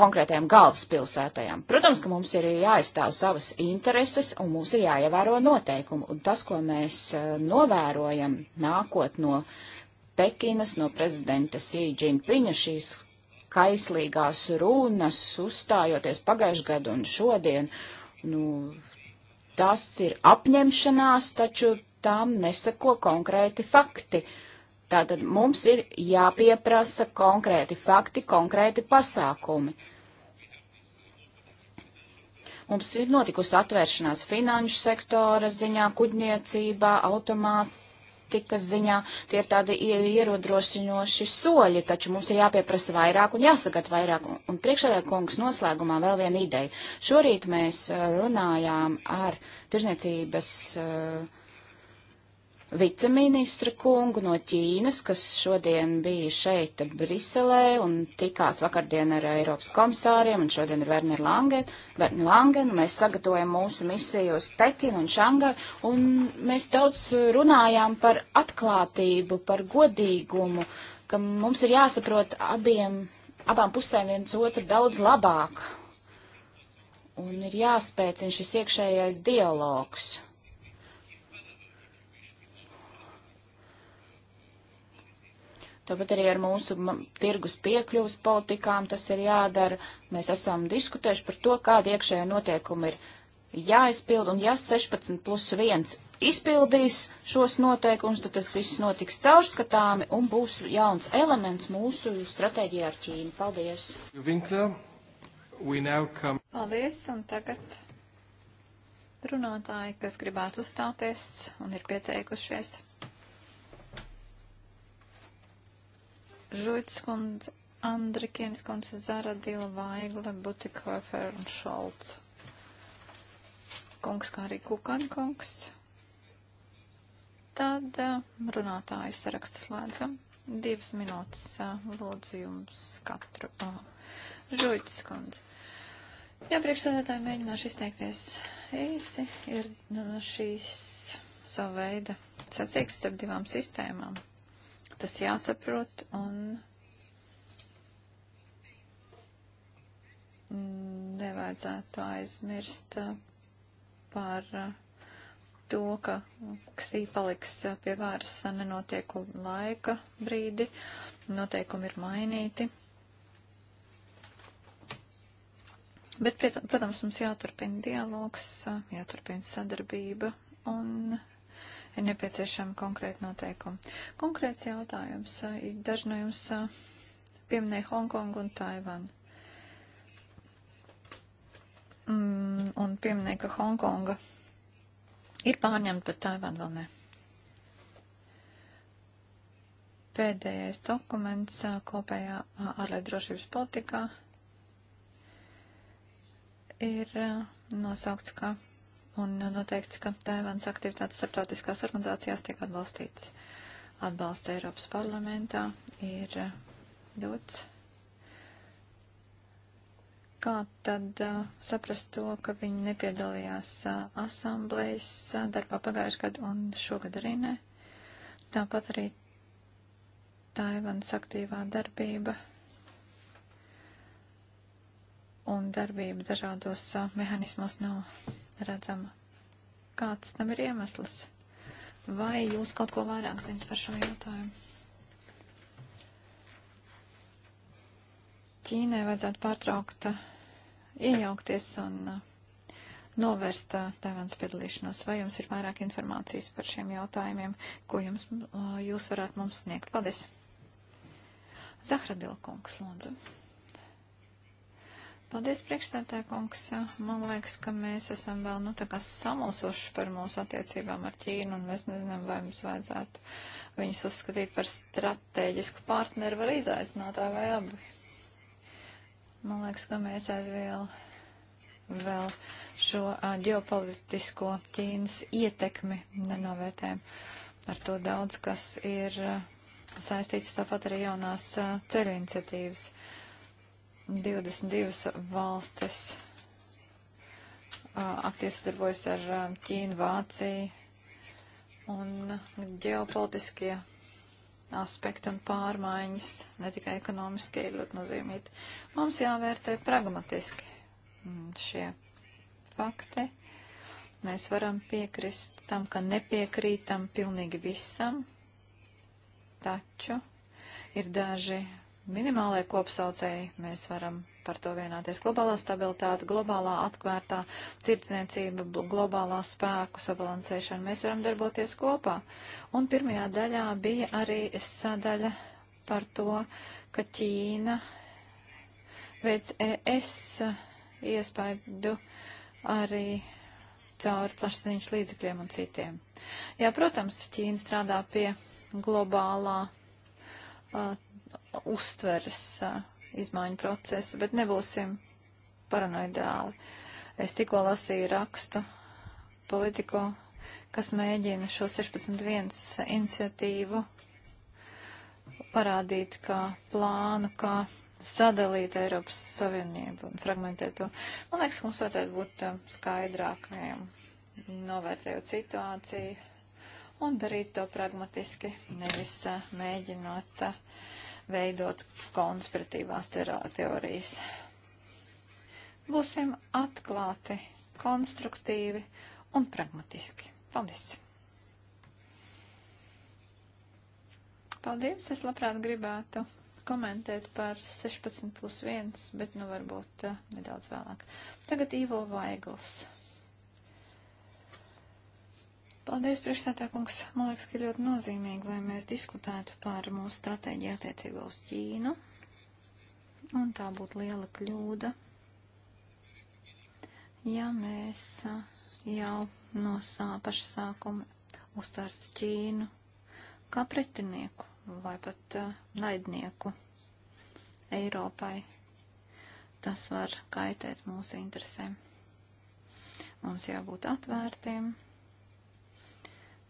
konkrētajām galvaspilsētajām. Protams, ka mums ir jāizstāv savas intereses un mums ir jāievēro noteikumi. Un tas, ko mēs eh, novērojam nākot no Pekinas, no prezidenta Xi Jinpinga šīs kaislīgās runas, uzstājoties pagājušajā gadu un šodien, nu, tas ir apņemšanās, taču tām nesako konkrēti fakti. Uh, Tātad mums ir jāpieprasa konkrēti fakti, konkrēti pasākumi. Mums ir notikusi atvēršanās finanšu sektora ziņā, kuģniecībā, automātikas ziņā. Tie ir tādi ierodrošinoši soļi, taču mums ir jāpieprasa vairāk un jāsagat vairāk. Un priekšādā kungs noslēgumā vēl viena ideja. Šorīt mēs eh, runājām ar tirzniecības uh, viceministra kungu no Ķīnas, kas šodien bija šeit Briselē un tikās vakardien ar Eiropas komisāriem un šodien ar Werner Langen. Werner Langen mēs sagatavojam mūsu misiju uz Pekinu un Šangai un mēs daudz runājām par atklātību, par godīgumu, ka mums ir jāsaprot abiem, abām pusēm viens otru daudz labāk. Un ir jāspēcina šis iekšējais dialogs Tāpat arī ar mūsu tirgus piekļuvas politikām tas ir jādara. Mēs esam diskutējuši par to, kāda iekšējā noteikuma ir jāizpild, un ja 16 plus 1 izpildīs šos noteikumus, tad tas viss notiks caurskatāmi un būs jauns elements mūsu stratēģijā ar Ķīnu. Paldies! Winkler, Paldies, un tagad runātāji, kas gribētu uzstāties un ir pieteikušies. Žuits kundze, Andrikienis kundze, Zaradila, Vaigla, Butikhofer un Šolts. Kungs, kā arī Kukan kungs. Tad runātāju sarakstu slēdzam. Divas minūtes lūdzu jums katru. Žuits kundze. Jā, priekšsēdētāji mēģināšu izteikties īsi. Ir nu, šīs sava veida sacīks starp divām sistēmām tas jāsaprot un nevajadzētu aizmirst par to, ka ksī paliks pie varas nenotieku laika brīdi, noteikumi ir mainīti. Bet, protams, mums jāturpina dialogs, jāturpina sadarbība un ir nepieciešama konkrēta noteikuma. Konkrēts jautājums. Daži no jums pieminēja Hongkongu un Taivanu. Mm, un pieminēja, ka Hongkonga ir pārņemta, bet Taivana vēl ne. Pēdējais dokuments kopējā ārlietu drošības politikā ir nosaukts kā un uh, noteikts, ka Taivānas aktivitātes starptautiskās organizācijās tiek atbalstīts. Atbalsts Eiropas parlamentā ir uh, dots. Kā tad uh, saprast to, ka viņi nepiedalījās uh, asamblējas uh, darbā pagājušajā gadu un šogad arī ne? Tāpat arī Taivānas aktīvā darbība un darbība dažādos uh, mehanismos nav redzama. Kāds tam ir iemesls? Vai jūs kaut ko vairāk zinat par šo jautājumu? Ķīnai vajadzētu pārtraukt uh, iejaukties un uh, novērst uh, Taivāns piedalīšanos. Vai jums ir vairāk informācijas par šiem jautājumiem, ko jums, jūs varētu mums sniegt? Paldies! Zahradilkungs, lūdzu. Paldies, priekšstādā kungs. Man liekas, ka mēs esam vēl, nu, tā kā samulsuši par mūsu attiecībām ar Ķīnu, un mēs nezinām, vai mums vajadzētu viņus uzskatīt par strateģisku partneri vai izaicinātāju vai abi. Man liekas, ka mēs aizviel vēl šo a, ģeopolitisko Ķīnas ietekmi nenovērtējam. Ar to daudz, kas ir a, saistīts tāpat arī jaunās a, ceļu iniciatīvas. 22 valstis aktīvi sadarbojas ar Ķīnu, Vāciju un ģeopolitiskie aspekti un pārmaiņas, ne tikai ekonomiskie, ir ļoti nozīmīgi. Mums jāvērtē pragmatiski mm, šie fakti. Mēs varam piekrist tam, ka nepiekrītam pilnīgi visam, taču ir daži minimālai kopsaucēji, mēs varam par to vienāties. Globālā stabilitāte, globālā atvērtā tirdzniecība, globālā spēku sabalansēšana, mēs varam darboties kopā. Un pirmajā daļā bija arī sadaļa par to, ka Ķīna veids ES iespaidu arī caur plašsaziņas līdzekļiem un citiem. Jā, protams, Ķīna strādā pie globālā uh, uztveres izmaiņu procesu, bet nebūsim paranoidāli. Es tikko lasīju rakstu politiko, kas mēģina šo 16.1 iniciatīvu parādīt kā plānu, kā sadalīt Eiropas Savienību un fragmentēt to. Man liekas, mums vajadzētu būt skaidrākiem, novērtējot situāciju un darīt to pragmatiski, nevis mēģinot uh, veidot konspiratīvās teorijas. Būsim atklāti, konstruktīvi un pragmatiski. Paldies! Paldies! Es labprāt gribētu komentēt par 16 plus 1, bet nu varbūt uh, nedaudz vēlāk. Tagad Ivo Vaigls. Paldies, priekšsētākungs. Man liekas, ka ļoti nozīmīgi, lai mēs diskutētu par mūsu stratēģiju attiecībā uz Ķīnu. Un tā būtu liela kļūda, ja mēs jau no sā, paša sākuma uztvērtu Ķīnu kā pretinieku vai pat uh, naidnieku Eiropai. Tas var kaitēt mūsu interesēm. Mums jābūt atvērtiem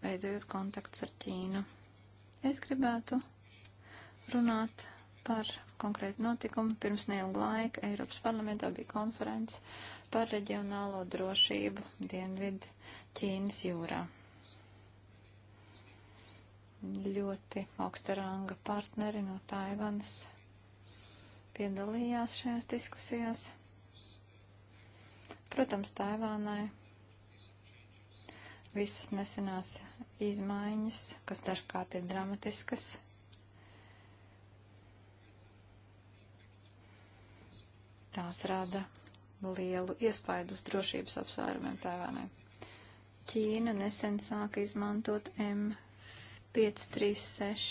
veidojot kontakts ar Ķīnu. Es gribētu runāt par konkrētu notikumu. Pirms neilga laika Eiropas parlamentā bija konference par reģionālo drošību Dienvidu Ķīnas jūrā. Ļoti augsta ranga partneri no Taivanas piedalījās šajās diskusijās. Protams, Taivānai visas nesenās izmaiņas, kas dažkārt ir dramatiskas. Tās rada lielu iespaidu uz drošības apsvērumiem Taivānai. Ķīna nesen sāka izmantot M536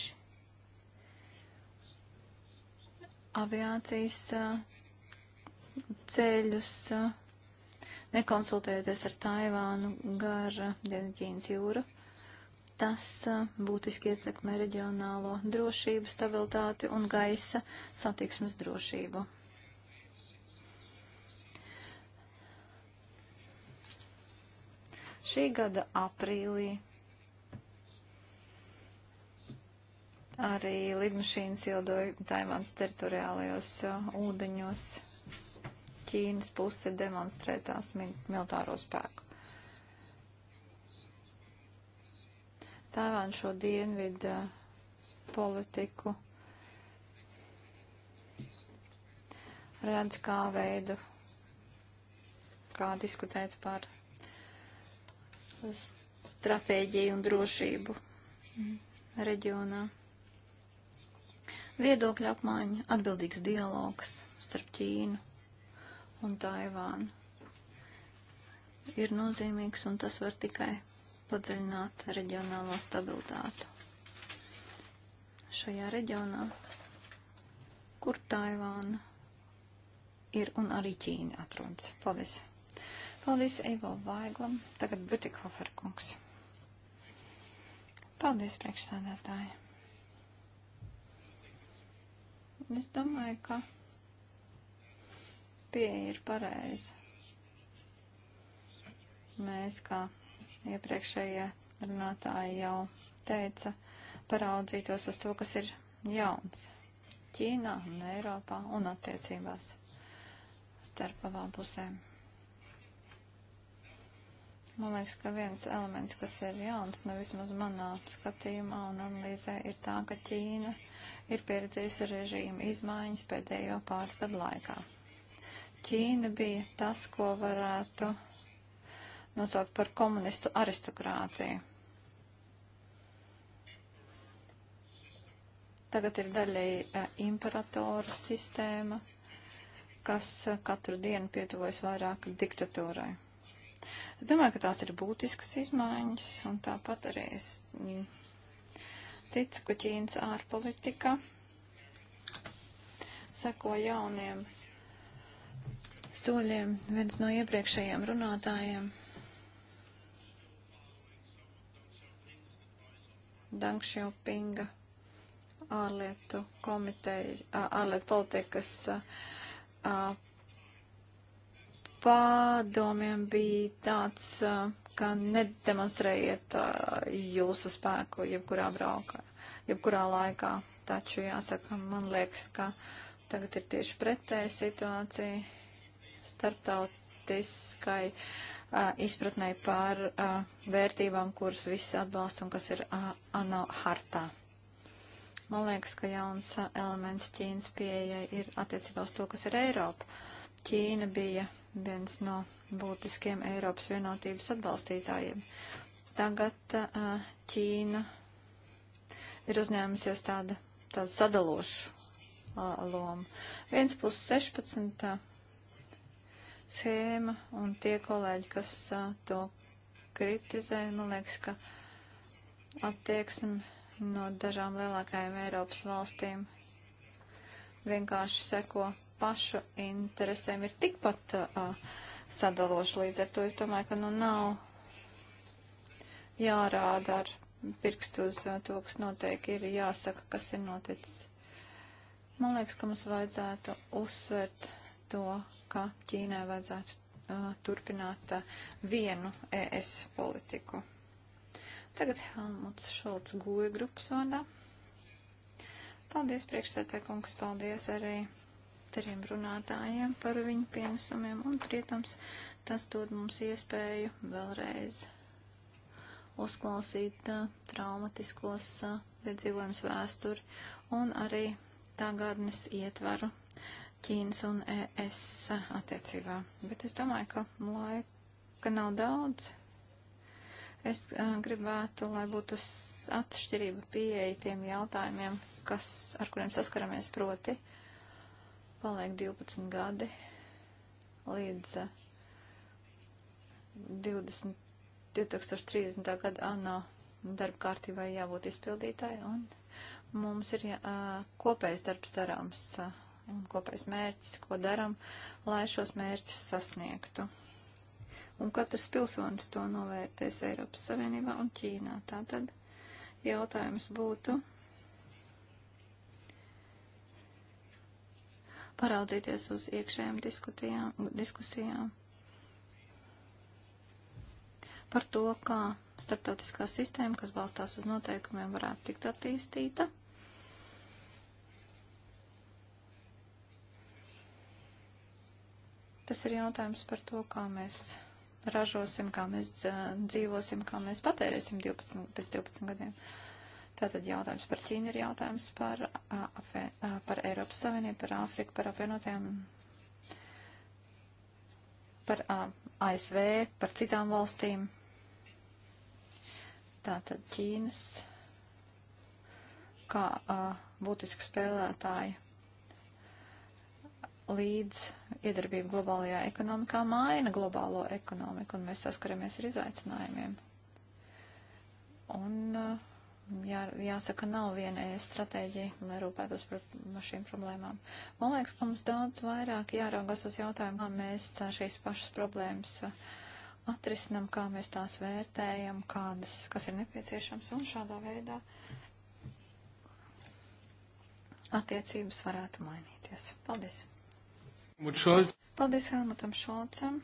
aviācijas uh, ceļus. Uh, nekonsultējoties ar Taivānu gar eh, Dienvidķīnas jūru. Tas eh, būtiski ietekmē reģionālo drošību, stabilitāti un gaisa satiksmes drošību. Šī gada aprīlī arī lidmašīnas ielidoja Taivāns teritoriālajos eh, ūdeņos. Uh, Ķīnas puse demonstrē tās militāro spēku. Tāvān šo dienvidu eh, politiku redz kā veidu, kā diskutēt par stratēģiju un drošību reģionā. Viedokļa apmaiņa, atbildīgs dialogs starp Ķīnu un Taivānu ir nozīmīgs, un tas var tikai padziļināt reģionālo stabilitātu. Šajā reģionā, kur Taivāna ir un arī Ķīna atrodas. Paldies! Paldies Eivo Vaiglam, tagad Butikhofer kungs. Paldies, priekšsādātāji! Es domāju, ka pieeja ir pareiza. Mēs, kā iepriekšējie runātāji jau teica, paraudzītos uz to, kas ir jauns Ķīnā un Eiropā un attiecībās starp abām pusēm. Man liekas, ka viens elements, kas ir jauns, nu vismaz manā skatījumā un analīzē, ir tā, ka Ķīna ir pieredzējusi režīmu izmaiņas pēdējo pāris gadu laikā. Ķīna bija tas, ko varētu nosaukt par komunistu aristokrātiju. Tagad ir daļai e, imperatora sistēma, kas e, katru dienu pietuvojas vairāk diktatūrai. Es domāju, ka tās ir būtiskas izmaiņas, un tāpat arī es mm, ticu, ka Ķīnas ārpolitika seko jauniem soļiem. Viens no iepriekšējiem runātājiem, Dankšjau Pinga, ārlietu komiteja, ārlietu politikas pārdomiem bija tāds, ka nedemonstrējiet jūsu spēku jebkurā braukā, jebkurā laikā. Taču jāsaka, man liekas, ka tagad ir tieši pretēja situācija starptautiskai uh, izpratnē par uh, vērtībām, kuras viss atbalsta un kas ir uh, ANO hartā. Man liekas, ka jauns uh, elements Ķīnas pieejai ir attiecībā uz to, kas ir Eiropa. Ķīna bija viens no būtiskiem Eiropas vienotības atbalstītājiem. Tagad uh, Ķīna ir uzņēmusies tāda, tāda sadalošu uh, loma. 1 plus 16 cēma un tie kolēģi, kas uh, to kritizē, man nu, liekas, ka attieksme no dažām lielākajām Eiropas valstīm vienkārši seko pašu interesēm, ir tikpat uh, sadaloši. Līdz ar to es domāju, ka nu nav jārāda ar pirkstu uz to, kas notiek, ir jāsaka, kas ir noticis. Man liekas, ka mums vajadzētu uzsvert to, ka Ķīnai vajadzētu uh, turpināt uh, vienu ES politiku. Tagad Helmuts Šolts Gūja grupas vārdā. Paldies priekšsētāji kungs, paldies arī trim runātājiem par viņu pienesumiem un, protams, tas dod mums iespēju vēlreiz uzklausīt uh, traumatiskos uh, piedzīvojums vēsturi un arī tagadnes ietvaru Ķīnas un ES attiecībā. Bet es domāju, ka laika nav daudz. Es uh, gribētu, lai būtu atšķirība pieeja tiem jautājumiem, kas, ar kuriem saskaramies proti. Paliek 12 gadi līdz uh, 20, 2030. gada ANO darba kārtībai jābūt izpildītāji, un mums ir jā, kopējs darbs darāms. Uh, un kopais mērķis, ko daram, lai šos mērķus sasniegtu. Un katrs pilsonis to novērtēs Eiropas Savienībā un Ķīnā. Tātad jautājums būtu paraudzīties uz iekšējām diskusijām par to, kā starptautiskā sistēma, kas balstās uz noteikumiem, varētu tikt attīstīta. Tas ir jautājums par to, kā mēs ražosim, kā mēs dzīvosim, kā mēs patērēsim 12, pēc 12 gadiem. Tātad jautājums par Ķīnu ir jautājums par, par Eiropas Savienību, par Āfriku, par apvienotajām, par ASV, par citām valstīm. Tātad Ķīnas kā būtiski spēlētāji līdz iedarbība globālajā ekonomikā maina globālo ekonomiku, un mēs saskaramies ar izaicinājumiem. Un uh, jā, jāsaka, nav viena stratēģija, lai rūpētos par šīm problēmām. Man liekas, ka mums daudz vairāk jāraugas uz jautājumu, kā mēs šīs pašas problēmas uh, atrisinam, kā mēs tās vērtējam, kādas, kas ir nepieciešams, un šādā veidā attiecības varētu mainīties. Paldies! Paldies Helmutam Šolcam.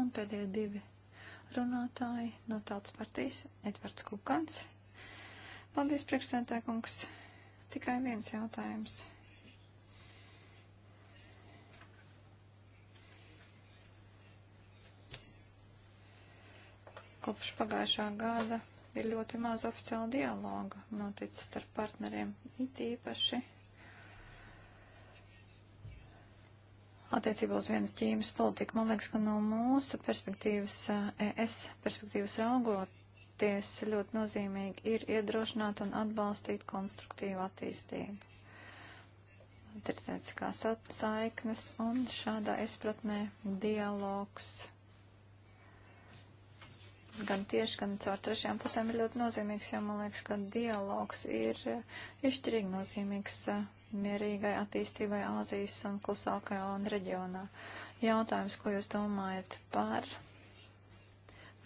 Un pēdējie divi runātāji no tautas partijas - Edvards Kukans. Paldies, priekšsēdētāj kungs. Tikai viens jautājums. Kopš pagājušā gada ir ļoti maz oficiāla dialoga noticis starp partneriem, it īpaši attiecībā uz vienas ķīmas politiku. Man liekas, ka no mūsu perspektīvas, eh, ES perspektīvas raugoties, ļoti nozīmīgi ir iedrošināt un atbalstīt konstruktīvu attīstību tirdzniecības saiknes un šādā izpratnē dialogs gan tieši, gan caur trešajām pusēm ir ļoti nozīmīgs, jo man liekas, ka dialogs ir eh, izšķirīgi nozīmīgs eh, mierīgai attīstībai Āzijas un klusākajā un reģionā. Jautājums, ko jūs domājat par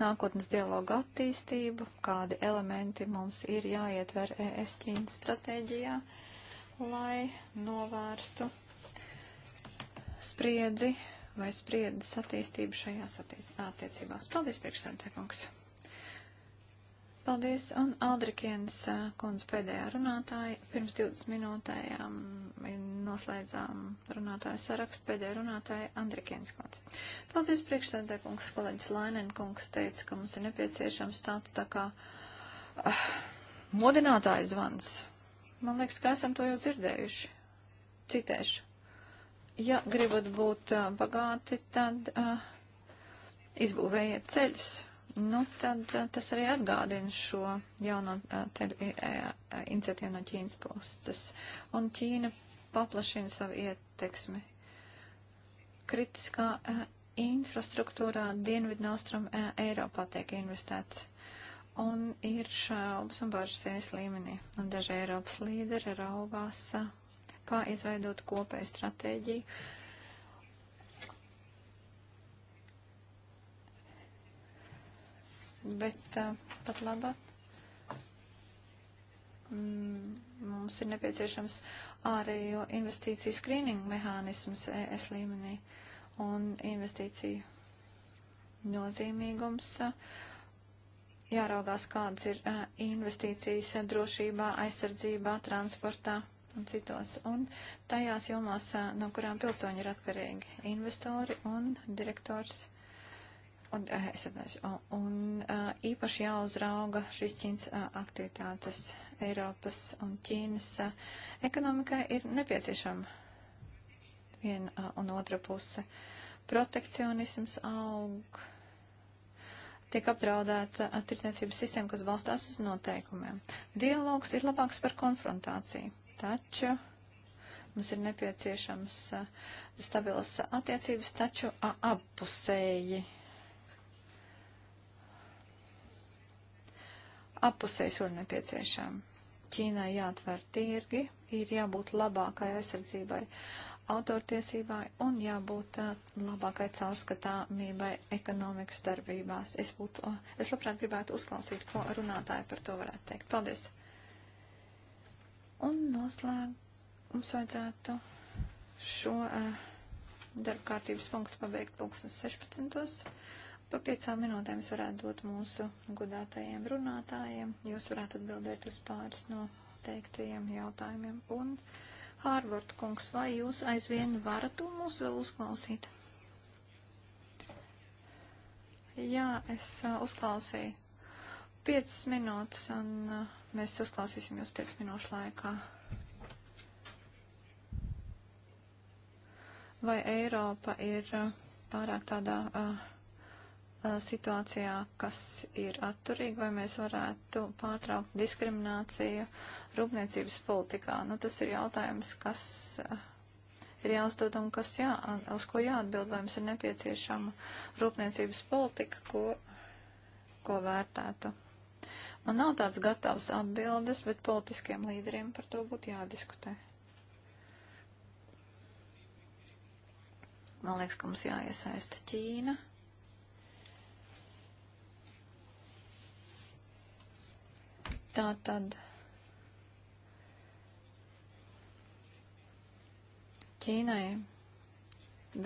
nākotnes dialogu attīstību, kādi elementi mums ir jāietver ES Ķīnas stratēģijā, lai novērstu spriedzi vai spriedzes attīstību šajās attiecībās. Paldies, priekšsēdētājs. Paldies, un Aldrikienas kundze pēdējā runātāja. Pirms 20 minūtējām noslēdzām runātāju sarakstu pēdējā runātāja Andrikienas kundze. Paldies, priekšsēdē kungs, kolēģis Lainen kungs teica, ka mums ir nepieciešams tāds tā kā uh, modinātājs zvans. Man liekas, ka esam to jau dzirdējuši. Citēšu. Ja gribat būt uh, bagāti, tad uh, izbūvējiet ceļus nu tad eh, tas arī atgādina šo jauno eh, ceļu e, iniciatīvu no Ķīnas puses. Un Ķīna paplašina savu ieteksmi kritiskā eh, infrastruktūrā Dienvidu Austrum Eiropā tiek investēts. Un ir šaubas un bažas ēs līmenī. Un daži Eiropas līderi raugās, kā izveidot kopēju stratēģiju bet uh, pat labāk mm, mums ir nepieciešams ārējo investīciju skrīningu mehānisms ES līmenī un investīciju nozīmīgums. Jāraugās, kādas ir investīcijas drošībā, aizsardzībā, transportā un citos. Un tajās jomās, no kurām pilsoņi ir atkarīgi - investori un direktors Un, eh, es atnāšu, un eh, īpaši jāuzrauga šīs Ķīnas eh, aktivitātes Eiropas un Ķīnas ekonomikai ir nepieciešama viena un otra puse. Protekcionisms aug, tiek apdraudēta tirdzniecības sistēma, kas balstās uz noteikumiem. Dialogs ir labāks par konfrontāciju, taču mums ir nepieciešams stabilas attiecības, taču apusēji Apusējs ir nepieciešama. Ķīnai jāatver tirgi, ir jābūt labākai aizsardzībai autortiesībai un jābūt eh, labākai caurskatāmībai ekonomikas darbībās. Es, būtu, es labprāt gribētu uzklausīt, ko runātāji par to varētu teikt. Paldies! Un noslēg mums vajadzētu šo uh, darba kārtības punktu pabeigt pulksnes 16. Pa piecām minūtēm es varētu dot mūsu godātajiem runātājiem. Jūs varētu atbildēt uz pāris no teiktajiem jautājumiem. Un Hārvard kungs, vai jūs aizvien varat mūs vēl uzklausīt? Jā, es uh, uzklausīju. 5 minūtes, un uh, mēs uzklausīsim jūs 5 minūšu laikā. Vai Eiropa ir uh, pārāk tādā uh, situācijā, kas ir atturīga, vai mēs varētu pārtraukt diskrimināciju rūpniecības politikā. Nu, tas ir jautājums, kas ir jāuzdod un kas jā, uz ko jāatbild, vai mums ir nepieciešama rūpniecības politika, ko, ko vērtētu. Man nav tāds gatavs atbildes, bet politiskiem līderiem par to būtu jādiskutē. Man liekas, ka mums jāiesaista Ķīna. Tā tad Ķīnai,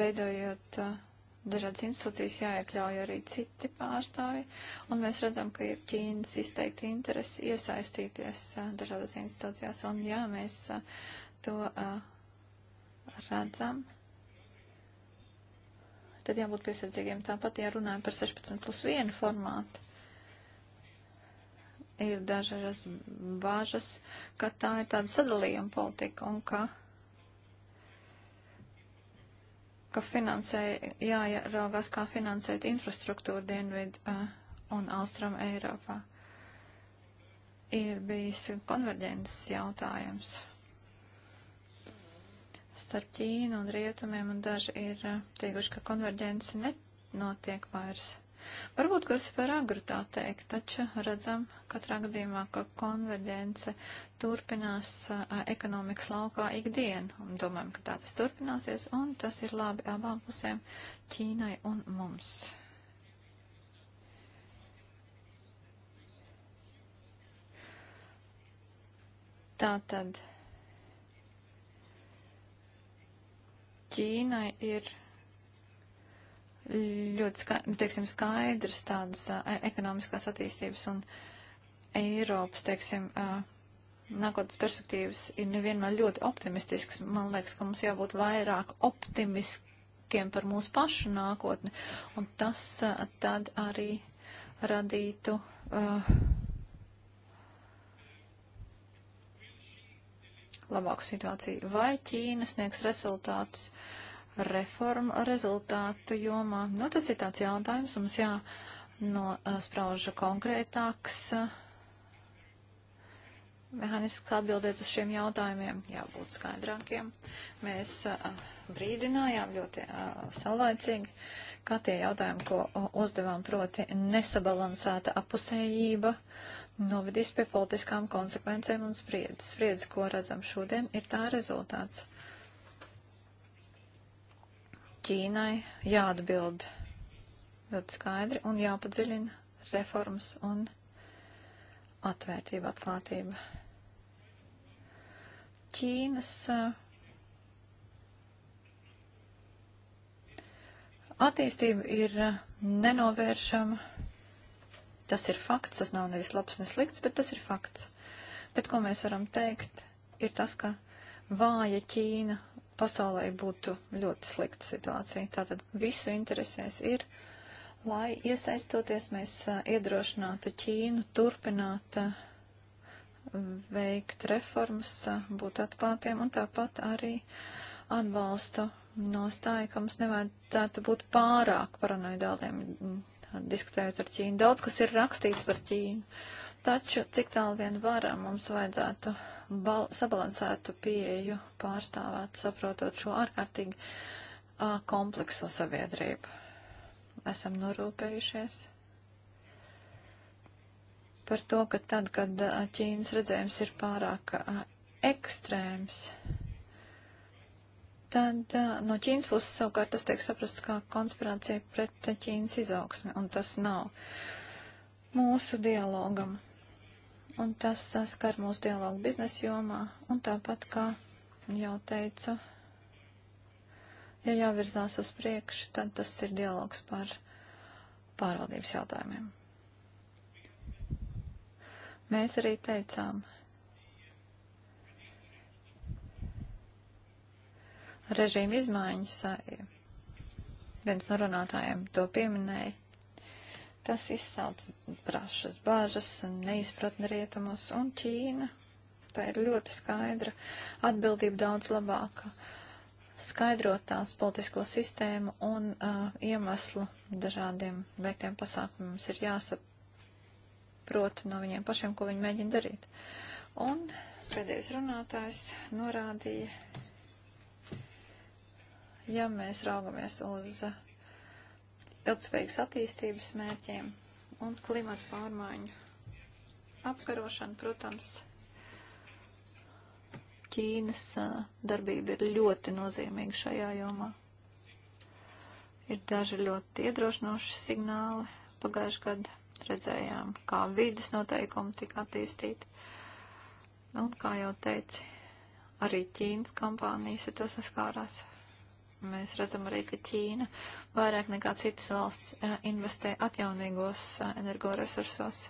veidojot uh, dažādas institūcijas, jāiekļauj arī citi pārstāvi, un mēs redzam, ka ir Ķīnas izteikti interesi iesaistīties uh, dažādās institūcijās, un jā, mēs uh, to redzam tad jābūt piesardzīgiem. Tāpat, ja runājam par 16 plus 1 formātu, ir dažas bāžas, ka tā ir tāda sadalījuma politika un ka, ka finansē, jāraugās, kā finansēt infrastruktūru Dienvidu uh, un Austrum Eiropā. Ir bijis konverģences jautājums starp Ķīnu un Rietumiem, un daži ir uh, teikuši, ka konverģence nenotiek vairs Varbūt, kas ir par agru tā teikt, taču redzam katrā gadījumā, ka konverģence turpinās uh, ekonomikas laukā ikdienu, un domājam, ka tā tas turpināsies, un tas ir labi abām pusēm - Ķīnai un mums. Tā tad Ķīnai ir ļoti ska, teiksim, skaidrs tādas e, ekonomiskās attīstības un Eiropas, teiksim, nākotnes perspektīvas ir nevienmēr ļoti optimistisks. Man liekas, ka mums jābūt vairāk optimiskiem par mūsu pašu nākotni, un tas tad arī radītu uh, labāku situāciju. Vai Ķīna sniegs rezultātus? Uh, reformu rezultātu jomā. Nu, tas ir tāds jautājums, mums jānosprauža konkrētāks eh, mehānisks atbildēt uz šiem jautājumiem, jābūt skaidrākiem. Mēs a, eh, brīdinājām ļoti a, eh, saulaicīgi, kā tie jautājumi, ko uzdevām, proti nesabalansēta apusējība, novedīs pie politiskām konsekvencēm un spriedzes. Spriedzes, ko redzam šodien, ir tā rezultāts. Ķīnai jāatbild ļoti skaidri un jāpadziļina reformas un atvērtība, atklātība. Ķīnas attīstība ir nenovēršama. Tas ir fakts, tas nav nevis labs, ne slikts, bet tas ir fakts. Bet ko mēs varam teikt, ir tas, ka vāja Ķīna pasaulē būtu ļoti slikta situācija. Tātad visu interesēs ir, lai iesaistoties mēs iedrošinātu Ķīnu turpināt veikt reformas, būt atklātiem un tāpat arī atbalstu nostāju, ka mums nevajadzētu būt pārāk paranoidāliem diskutējot ar Ķīnu. Daudz, kas ir rakstīts par Ķīnu. Taču, cik tālu vien varam, mums vajadzētu sabalansētu pieeju pārstāvēt, saprotot šo ārkārtīgi uh, komplekso sabiedrību. Esam norūpējušies par to, ka tad, kad uh, Ķīnas redzējums ir pārāk uh, ekstrēms, tad no Ķīnas puses savukārt tas tiek saprast kā konspirācija pret Ķīnas izaugsmi, un tas nav mūsu dialogam un tas skar mūsu dialogu biznesa jomā, un tāpat kā jau teicu, ja jāvirzās uz priekšu, tad tas ir dialogs par pārvaldības jautājumiem. Mēs arī teicām, režīma izmaiņas, viens no runātājiem to pieminēja, Tas izsauc prašas bāžas, neizpratni rietumos un Ķīna. Tā ir ļoti skaidra atbildība daudz labāka skaidrot tās politisko sistēmu un uh, iemeslu dažādiem veiktiem pasākumiem. Mums ir jāsaprot no viņiem pašiem, ko viņi mēģina darīt. Un pēdējais runātājs norādīja, ja mēs raugamies uz uh, ilgspējīgas attīstības mērķiem un klimata pārmaiņu apkarošana, protams, Ķīnas darbība ir ļoti nozīmīga šajā jomā. Ir daži ļoti iedrošinoši signāli. Pagājuši gadu redzējām, kā vidas noteikumi tika attīstīti. Un, kā jau teici, arī Ķīnas kompānijas ir tas saskārās Mēs redzam arī, ka Ķīna vairāk nekā citas valsts eh, investē atjaunīgos eh, energoresursos.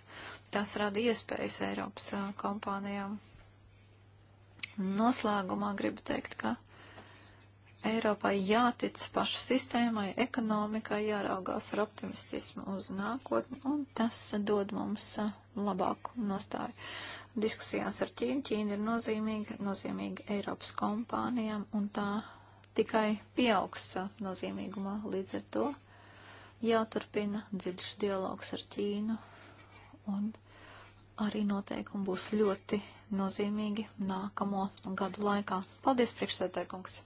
Tas rada iespējas Eiropas eh, kompānijām. Noslēgumā gribu teikt, ka Eiropai jātic pašu sistēmai, ekonomikai, jāraugās ar optimistismu uz nākotni, un tas dod mums labāku nostāju. Diskusijās ar Ķīnu Ķīna ir nozīmīga, nozīmīga Eiropas kompānijām, un tā tikai pieaugs nozīmīgumā. Līdz ar to jāturpina dziļš dialogs ar Ķīnu un arī noteikumi būs ļoti nozīmīgi nākamo gadu laikā. Paldies, priekšsēdētājkungs!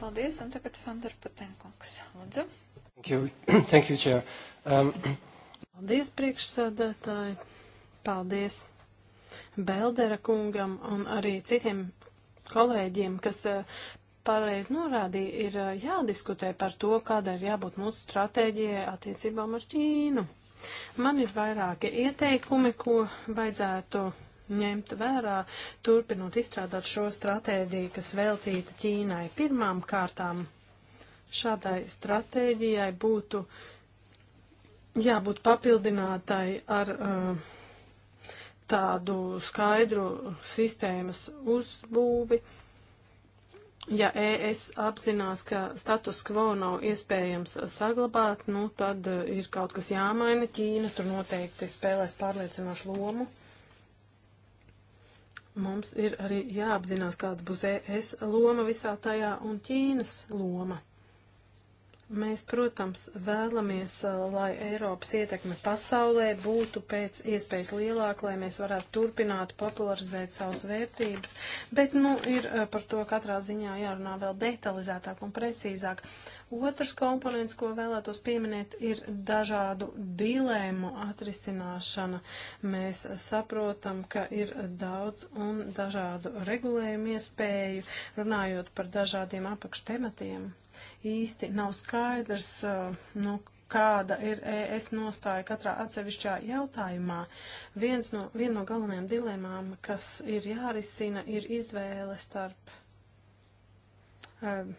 Paldies, un tagad Fandarpatenkungs. Lūdzu. Thank you, Thank you Chair. Um... Paldies, priekšsēdētāji. Paldies Beldera kungam un arī citiem kolēģiem, kas eh, pareizi norādīja, ir jādiskutē par to, kāda ir jābūt mūsu stratēģijai attiecībām ar Ķīnu. Man ir vairāki ieteikumi, ko vajadzētu ņemt vērā, turpinot izstrādāt šo stratēģiju, kas veltīta Ķīnai. Pirmām kārtām šādai stratēģijai būtu jābūt papildinātai ar uh, tādu skaidru sistēmas uzbūvi. Uh, Ja ES apzinās, ka status quo nav iespējams saglabāt, nu tad eh, ir kaut kas jāmaina. Ķīna tur noteikti spēlēs pārliecinošu lomu. Mums ir arī jāapzinās, kāda būs ES loma visā tajā un Ķīnas loma. Mēs, protams, vēlamies, lai Eiropas ietekme pasaulē būtu pēc iespējas lielāka, lai mēs varētu turpināt popularizēt savas vērtības, bet, nu, ir par to katrā ziņā jārunā vēl detalizētāk un precīzāk. Otrs komponents, ko vēlētos pieminēt, ir dažādu dilēmu atrisināšana. Mēs saprotam, ka ir daudz un dažādu regulējumu iespēju, runājot par dažādiem apakštematiem īsti nav skaidrs, uh, nu, kāda ir ES nostāja katrā atsevišķā jautājumā. Viens no, viena no galvenajām dilemām, kas ir jārisina, ir izvēle starp um,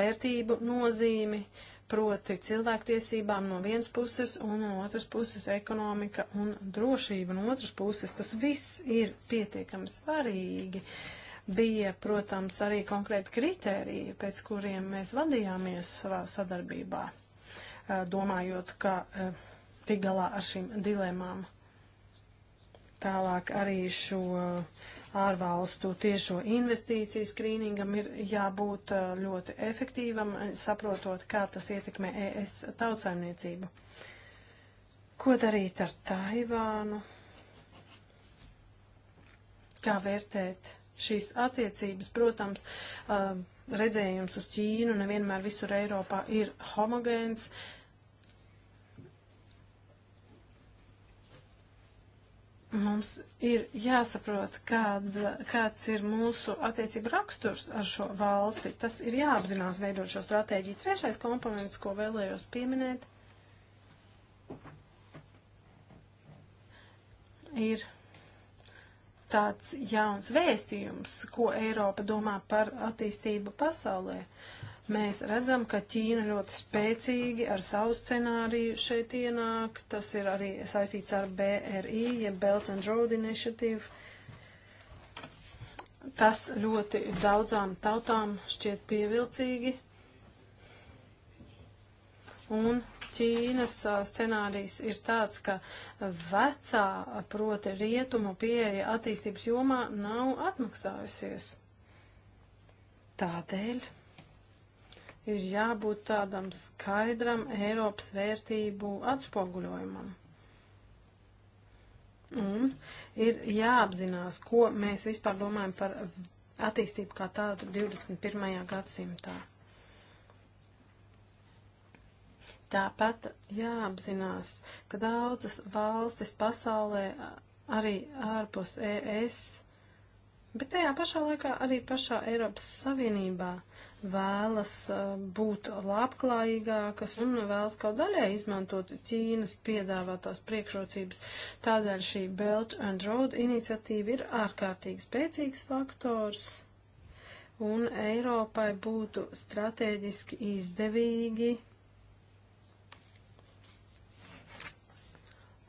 vērtību nozīmi, proti cilvēktiesībām no vienas puses un no otras puses ekonomika un drošība no otras puses. Tas viss ir pietiekami svarīgi. Uh, Bija, protams, arī konkrēti kritēriji, pēc kuriem mēs vadījāmies savā sadarbībā, domājot, kā tik galā ar šīm dilemām. Tālāk arī šo ārvalstu tiešo investīciju skrīningam ir jābūt ļoti efektīvam, saprotot, kā tas ietekmē ES tautsaimniecību. Ko darīt ar Taivānu? Kā vērtēt šīs attiecības, protams, um, redzējums uz Ķīnu nevienmēr visur Eiropā ir homogēns. Mums ir jāsaprot, kāda, kāds ir mūsu attiecību raksturs ar šo valsti. Tas ir jāapzinās veidot šo stratēģiju. Trešais komponents, ko vēlējos pieminēt, ir tāds jauns vēstījums, ko Eiropa domā par attīstību pasaulē. Mēs redzam, ka Ķīna ļoti spēcīgi ar savu scenāriju šeit ienāk. Tas ir arī saistīts ar BRI, ja Belt and Road Initiative. Tas ļoti daudzām tautām šķiet pievilcīgi. Un Ķīnas scenārijs ir tāds, ka vecā, proti rietumu pieeja attīstības jomā nav atmaksājusies. Tādēļ ir jābūt tādam skaidram Eiropas vērtību atspoguļojumam. Un ir jāapzinās, ko mēs vispār domājam par attīstību kā tādu 21. gadsimtā. Tāpat jāapzinās, ka daudzas valstis pasaulē arī ārpus ES, bet tajā pašā laikā arī pašā Eiropas Savienībā vēlas būt labklājīgākas un vēlas kaut daļai izmantot Ķīnas piedāvātās priekšrocības. Tādēļ šī Belt and Road iniciatīva ir ārkārtīgi spēcīgs faktors, un Eiropai būtu strateģiski izdevīgi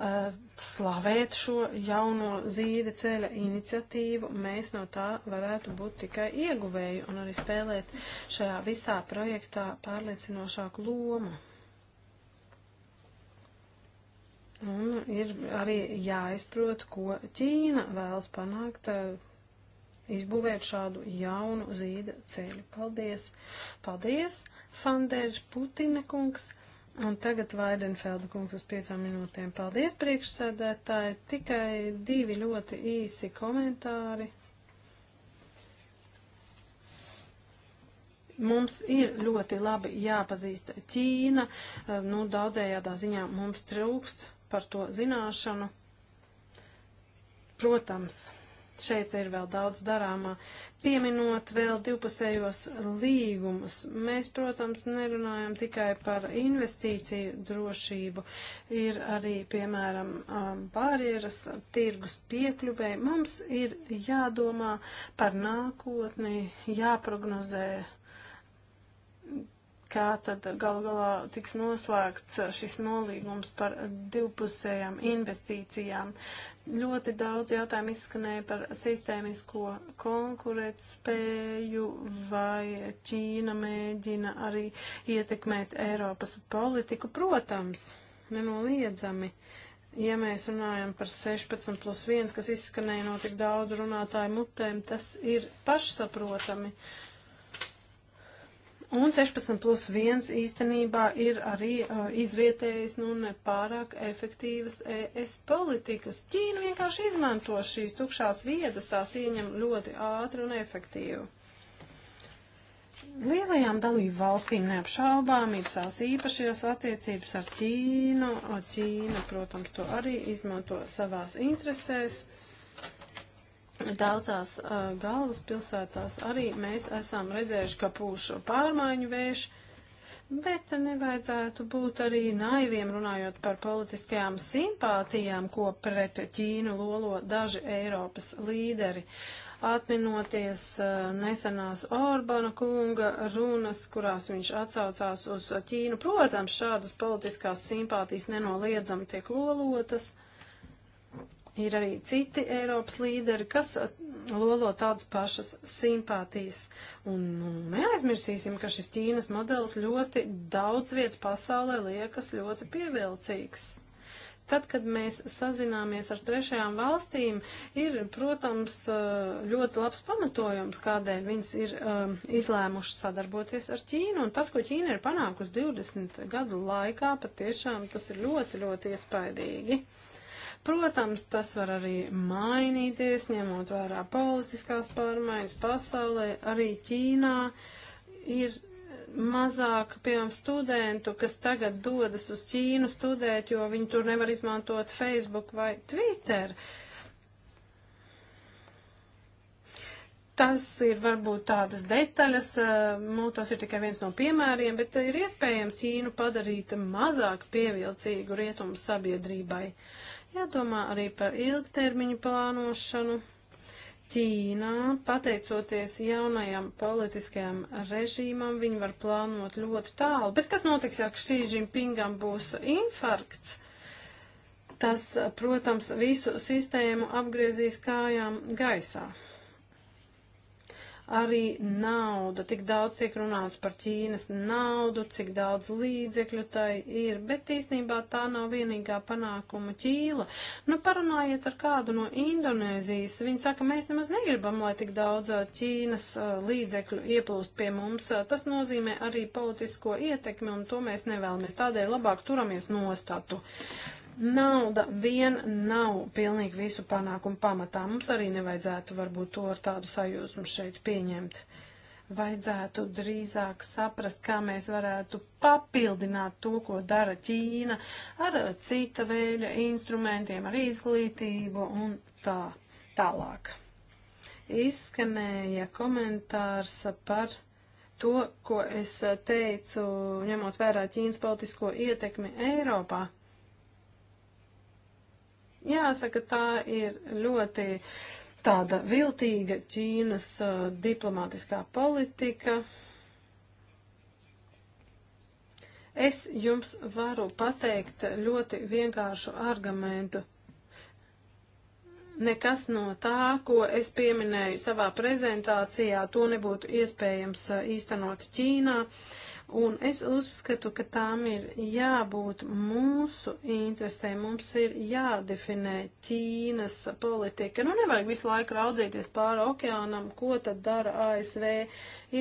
Uh, slavēt šo jauno zīda ceļa iniciatīvu, mēs no tā varētu būt tikai ieguvēji un arī spēlēt šajā visā projektā pārliecinošāku lomu. Un ir arī jāizprot, ko Ķīna vēlas panākt, uh, izbūvēt šādu jaunu zīda ceļu. Paldies! Paldies, Fander Putina kungs! Un tagad Vaidenfelda kungs uz piecām minūtēm. Paldies, priekšsēdētāji. Tikai divi ļoti īsi komentāri. Mums ir ļoti labi jāpazīst Ķīna. Eh, nu, daudzējādā ziņā mums trūkst par to zināšanu. Protams. Šeit ir vēl daudz darāmā. Pieminot vēl divpusējos līgumus, mēs, protams, nerunājam tikai par investīciju drošību. Ir arī, piemēram, um, barjeras tirgus piekļuvēji. Mums ir jādomā par nākotni, jāprognozē kā tad galu galā tiks noslēgts šis nolīgums par divpusējām investīcijām. Ļoti daudz jautājumu izskanēja par sistēmisko konkurētspēju, vai Ķīna mēģina arī ietekmēt Eiropas politiku. Protams, nenoliedzami. Ja mēs runājam par 16 plus 1, kas izskanēja no tik daudz runātāju mutēm, tas ir pašsaprotami. Uh, Un 16 plus 1 īstenībā ir arī uh, izrietējis nu nepārāk efektīvas ES politikas. Ķīna vienkārši izmanto šīs tukšās vietas, tās ieņem ļoti ātri un efektīvi. Lielajām dalību valstīm neapšaubām ir savas īpašajās attiecības ar Ķīnu. Ķīna, protams, to arī izmanto savās interesēs. Uh, Daudzās uh, galvaspilsētās arī mēs esam redzējuši, ka pūš pārmaiņu vēju. Bet nevajadzētu būt arī naiviem runājot par politiskajām simpātijām, ko pret Ķīnu lolo daži Eiropas līderi. Atminoties uh, nesenās Orbana kunga runas, kurās viņš atsaucās uz Ķīnu, protams, šādas politiskās simpātijas nenoliedzami tiek lolotas. Ir arī citi Eiropas līderi, kas uh, lolo tādas pašas simpātijas. Un nu, neaizmirsīsim, ka šis Ķīnas modelis ļoti daudz vietu pasaulē liekas ļoti pievilcīgs. Tad, kad mēs sazināmies ar trešajām valstīm, ir, protams, uh, ļoti labs pamatojums, kādēļ viņas ir um, izlēmušas sadarboties ar Ķīnu. Un tas, ko Ķīna ir panākusi 20 gadu laikā, patiešām tas ir ļoti, ļoti iespaidīgi. Protams, tas var arī mainīties, ņemot vērā politiskās pārmaiņas pasaulē, arī Ķīnā ir mazāk, piemēram, studentu, kas tagad dodas uz Ķīnu studēt, jo viņi tur nevar izmantot Facebook vai Twitter. Tas ir varbūt tādas detaļas, eh, nu, tas ir tikai viens no piemēriem, bet ir iespējams Ķīnu padarīt mazāk pievilcīgu rietumu sabiedrībai. Uh, Jādomā arī par ilgtermiņu plānošanu. Ķīnā, pateicoties jaunajam politiskajam režīmam, viņi var plānot ļoti tālu. Bet kas notiks, ja šī Žimpingam būs infarkts? Tas, protams, visu sistēmu apgriezīs kājām gaisā arī nauda. Tik daudz tiek runāts par Ķīnas naudu, cik daudz līdzekļu tai ir, bet īsnībā tā nav vienīgā panākuma ķīla. Nu, parunājiet ar kādu no Indonēzijas. Viņi saka, mēs nemaz negribam, lai tik daudz Ķīnas līdzekļu ieplūst pie mums. Tas nozīmē arī politisko ietekmi, un to mēs nevēlamies. Tādēļ labāk turamies nostatu. Nauda vien nav pilnīgi visu panākumu pamatā. Mums arī nevajadzētu varbūt to ar tādu sajūsmu šeit pieņemt. Vajadzētu drīzāk saprast, kā mēs varētu papildināt to, ko dara Ķīna ar cita veida instrumentiem, ar izglītību un tā tālāk. Izskanēja komentārs par to, ko es teicu, ņemot vērā Ķīnas politisko ietekmi Eiropā. Jāsaka, tā ir ļoti tāda viltīga Ķīnas uh, diplomātiskā politika. Es jums varu pateikt ļoti vienkāršu argumentu. Nekas no tā, ko es pieminēju savā prezentācijā, to nebūtu iespējams īstenot Ķīnā. Uh, Un es uzskatu, ka tām ir jābūt mūsu interesē. Mums ir jādefinē Ķīnas politika. Nu, nevajag visu laiku raudzīties pāri okeānam, ko tad dara ASV.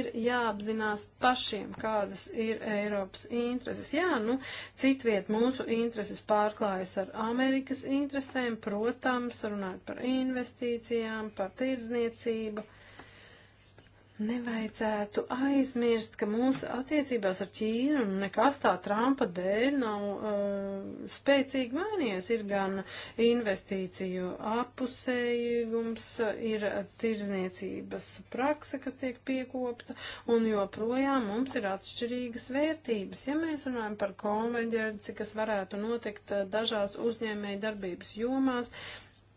Ir jāapzinās pašiem, kādas ir Eiropas intereses. Jā, nu, citviet mūsu intereses pārklājas ar Amerikas interesēm, protams, runāt par investīcijām, par tirdzniecību. Nevajadzētu aizmirst, ka mūsu attiecībās ar Ķīnu nekas tā Trumpa dēļ nav uh, spēcīgi mainījies. Ir gan investīciju apusējīgums, ir tirzniecības prakse, kas tiek piekopta, un joprojām mums ir atšķirīgas vērtības. Ja mēs runājam par konveģerci, kas varētu notikt uh, dažās uzņēmēju darbības jomās,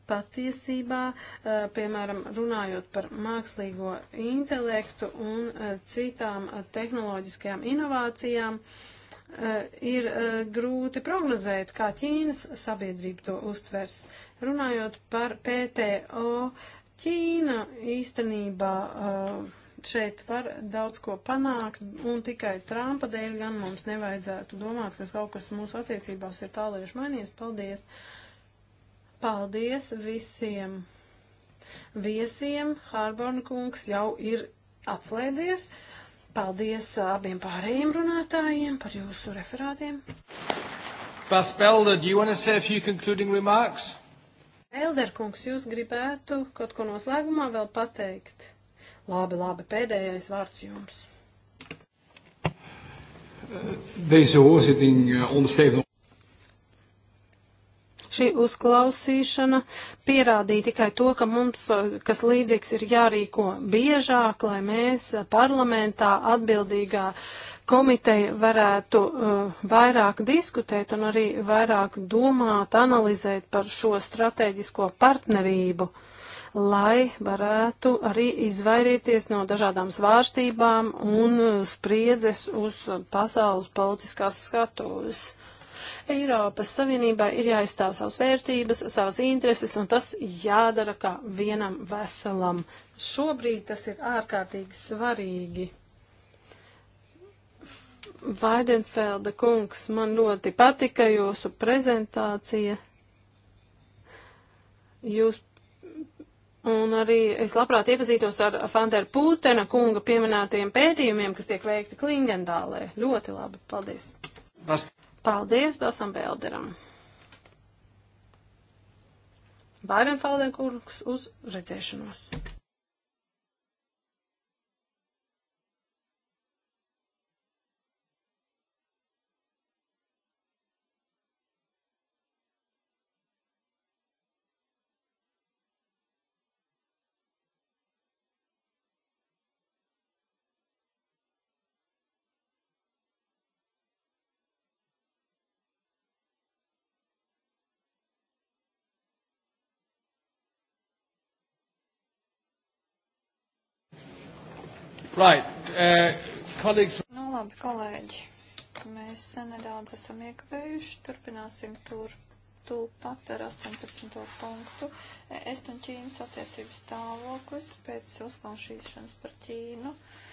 patiesībā, eh, piemēram, runājot par mākslīgo intelektu un eh, citām eh, tehnoloģiskajām inovācijām, ir grūti prognozēt, kā Ķīnas sabiedrība to uztvers. Runājot par PTO, Ķīna īstenībā šeit var daudz ko panākt, un tikai Trumpa dēļ gan mums nevajadzētu domāt, ka kaut kas mūsu attiecībās ir tālējuši mainījies. Paldies! Uh, Paldies visiem viesiem. Hārborna kungs jau ir atslēdzies. Paldies abiem pārējiem runātājiem par jūsu referātiem. Basbelda, do you want to say a few concluding remarks? Elderkungs, jūs gribētu kaut ko noslēgumā vēl pateikt? Labi, labi, pēdējais vārds jums. Deze hoorzitting onderstreept Šī uzklausīšana pierādīja tikai to, ka mums, kas līdzīgs, ir jārīko biežāk, lai mēs parlamentā atbildīgā komiteja varētu uh, vairāk diskutēt un arī vairāk domāt, analizēt par šo strateģisko partnerību lai varētu arī izvairīties no dažādām svārstībām un spriedzes uz pasaules politiskās skatuves. Eiropas Savienībā ir jāizstāv savas vērtības, savas intereses, un tas jādara kā vienam veselam. Šobrīd tas ir ārkārtīgi svarīgi. Vaidenfelda kungs, man ļoti patika jūsu prezentācija. Jūs Un arī es labprāt iepazītos ar Fandera Pūtena kunga pieminētajiem pētījumiem, kas tiek veikti Klingendālē. Ļoti labi, paldies. Bas. Paldies Belsam Bēlderam. Bairenfaldē kungs uz redzēšanos. Right, uh, colleagues. Nu labi, kolēģi, mēs nedaudz esam iekavējuši, turpināsim tur tūpat ar 18. punktu. E, es un Ķīnas attiecības stāvoklis pēc uzklausīšanas par Ķīnu. Uh,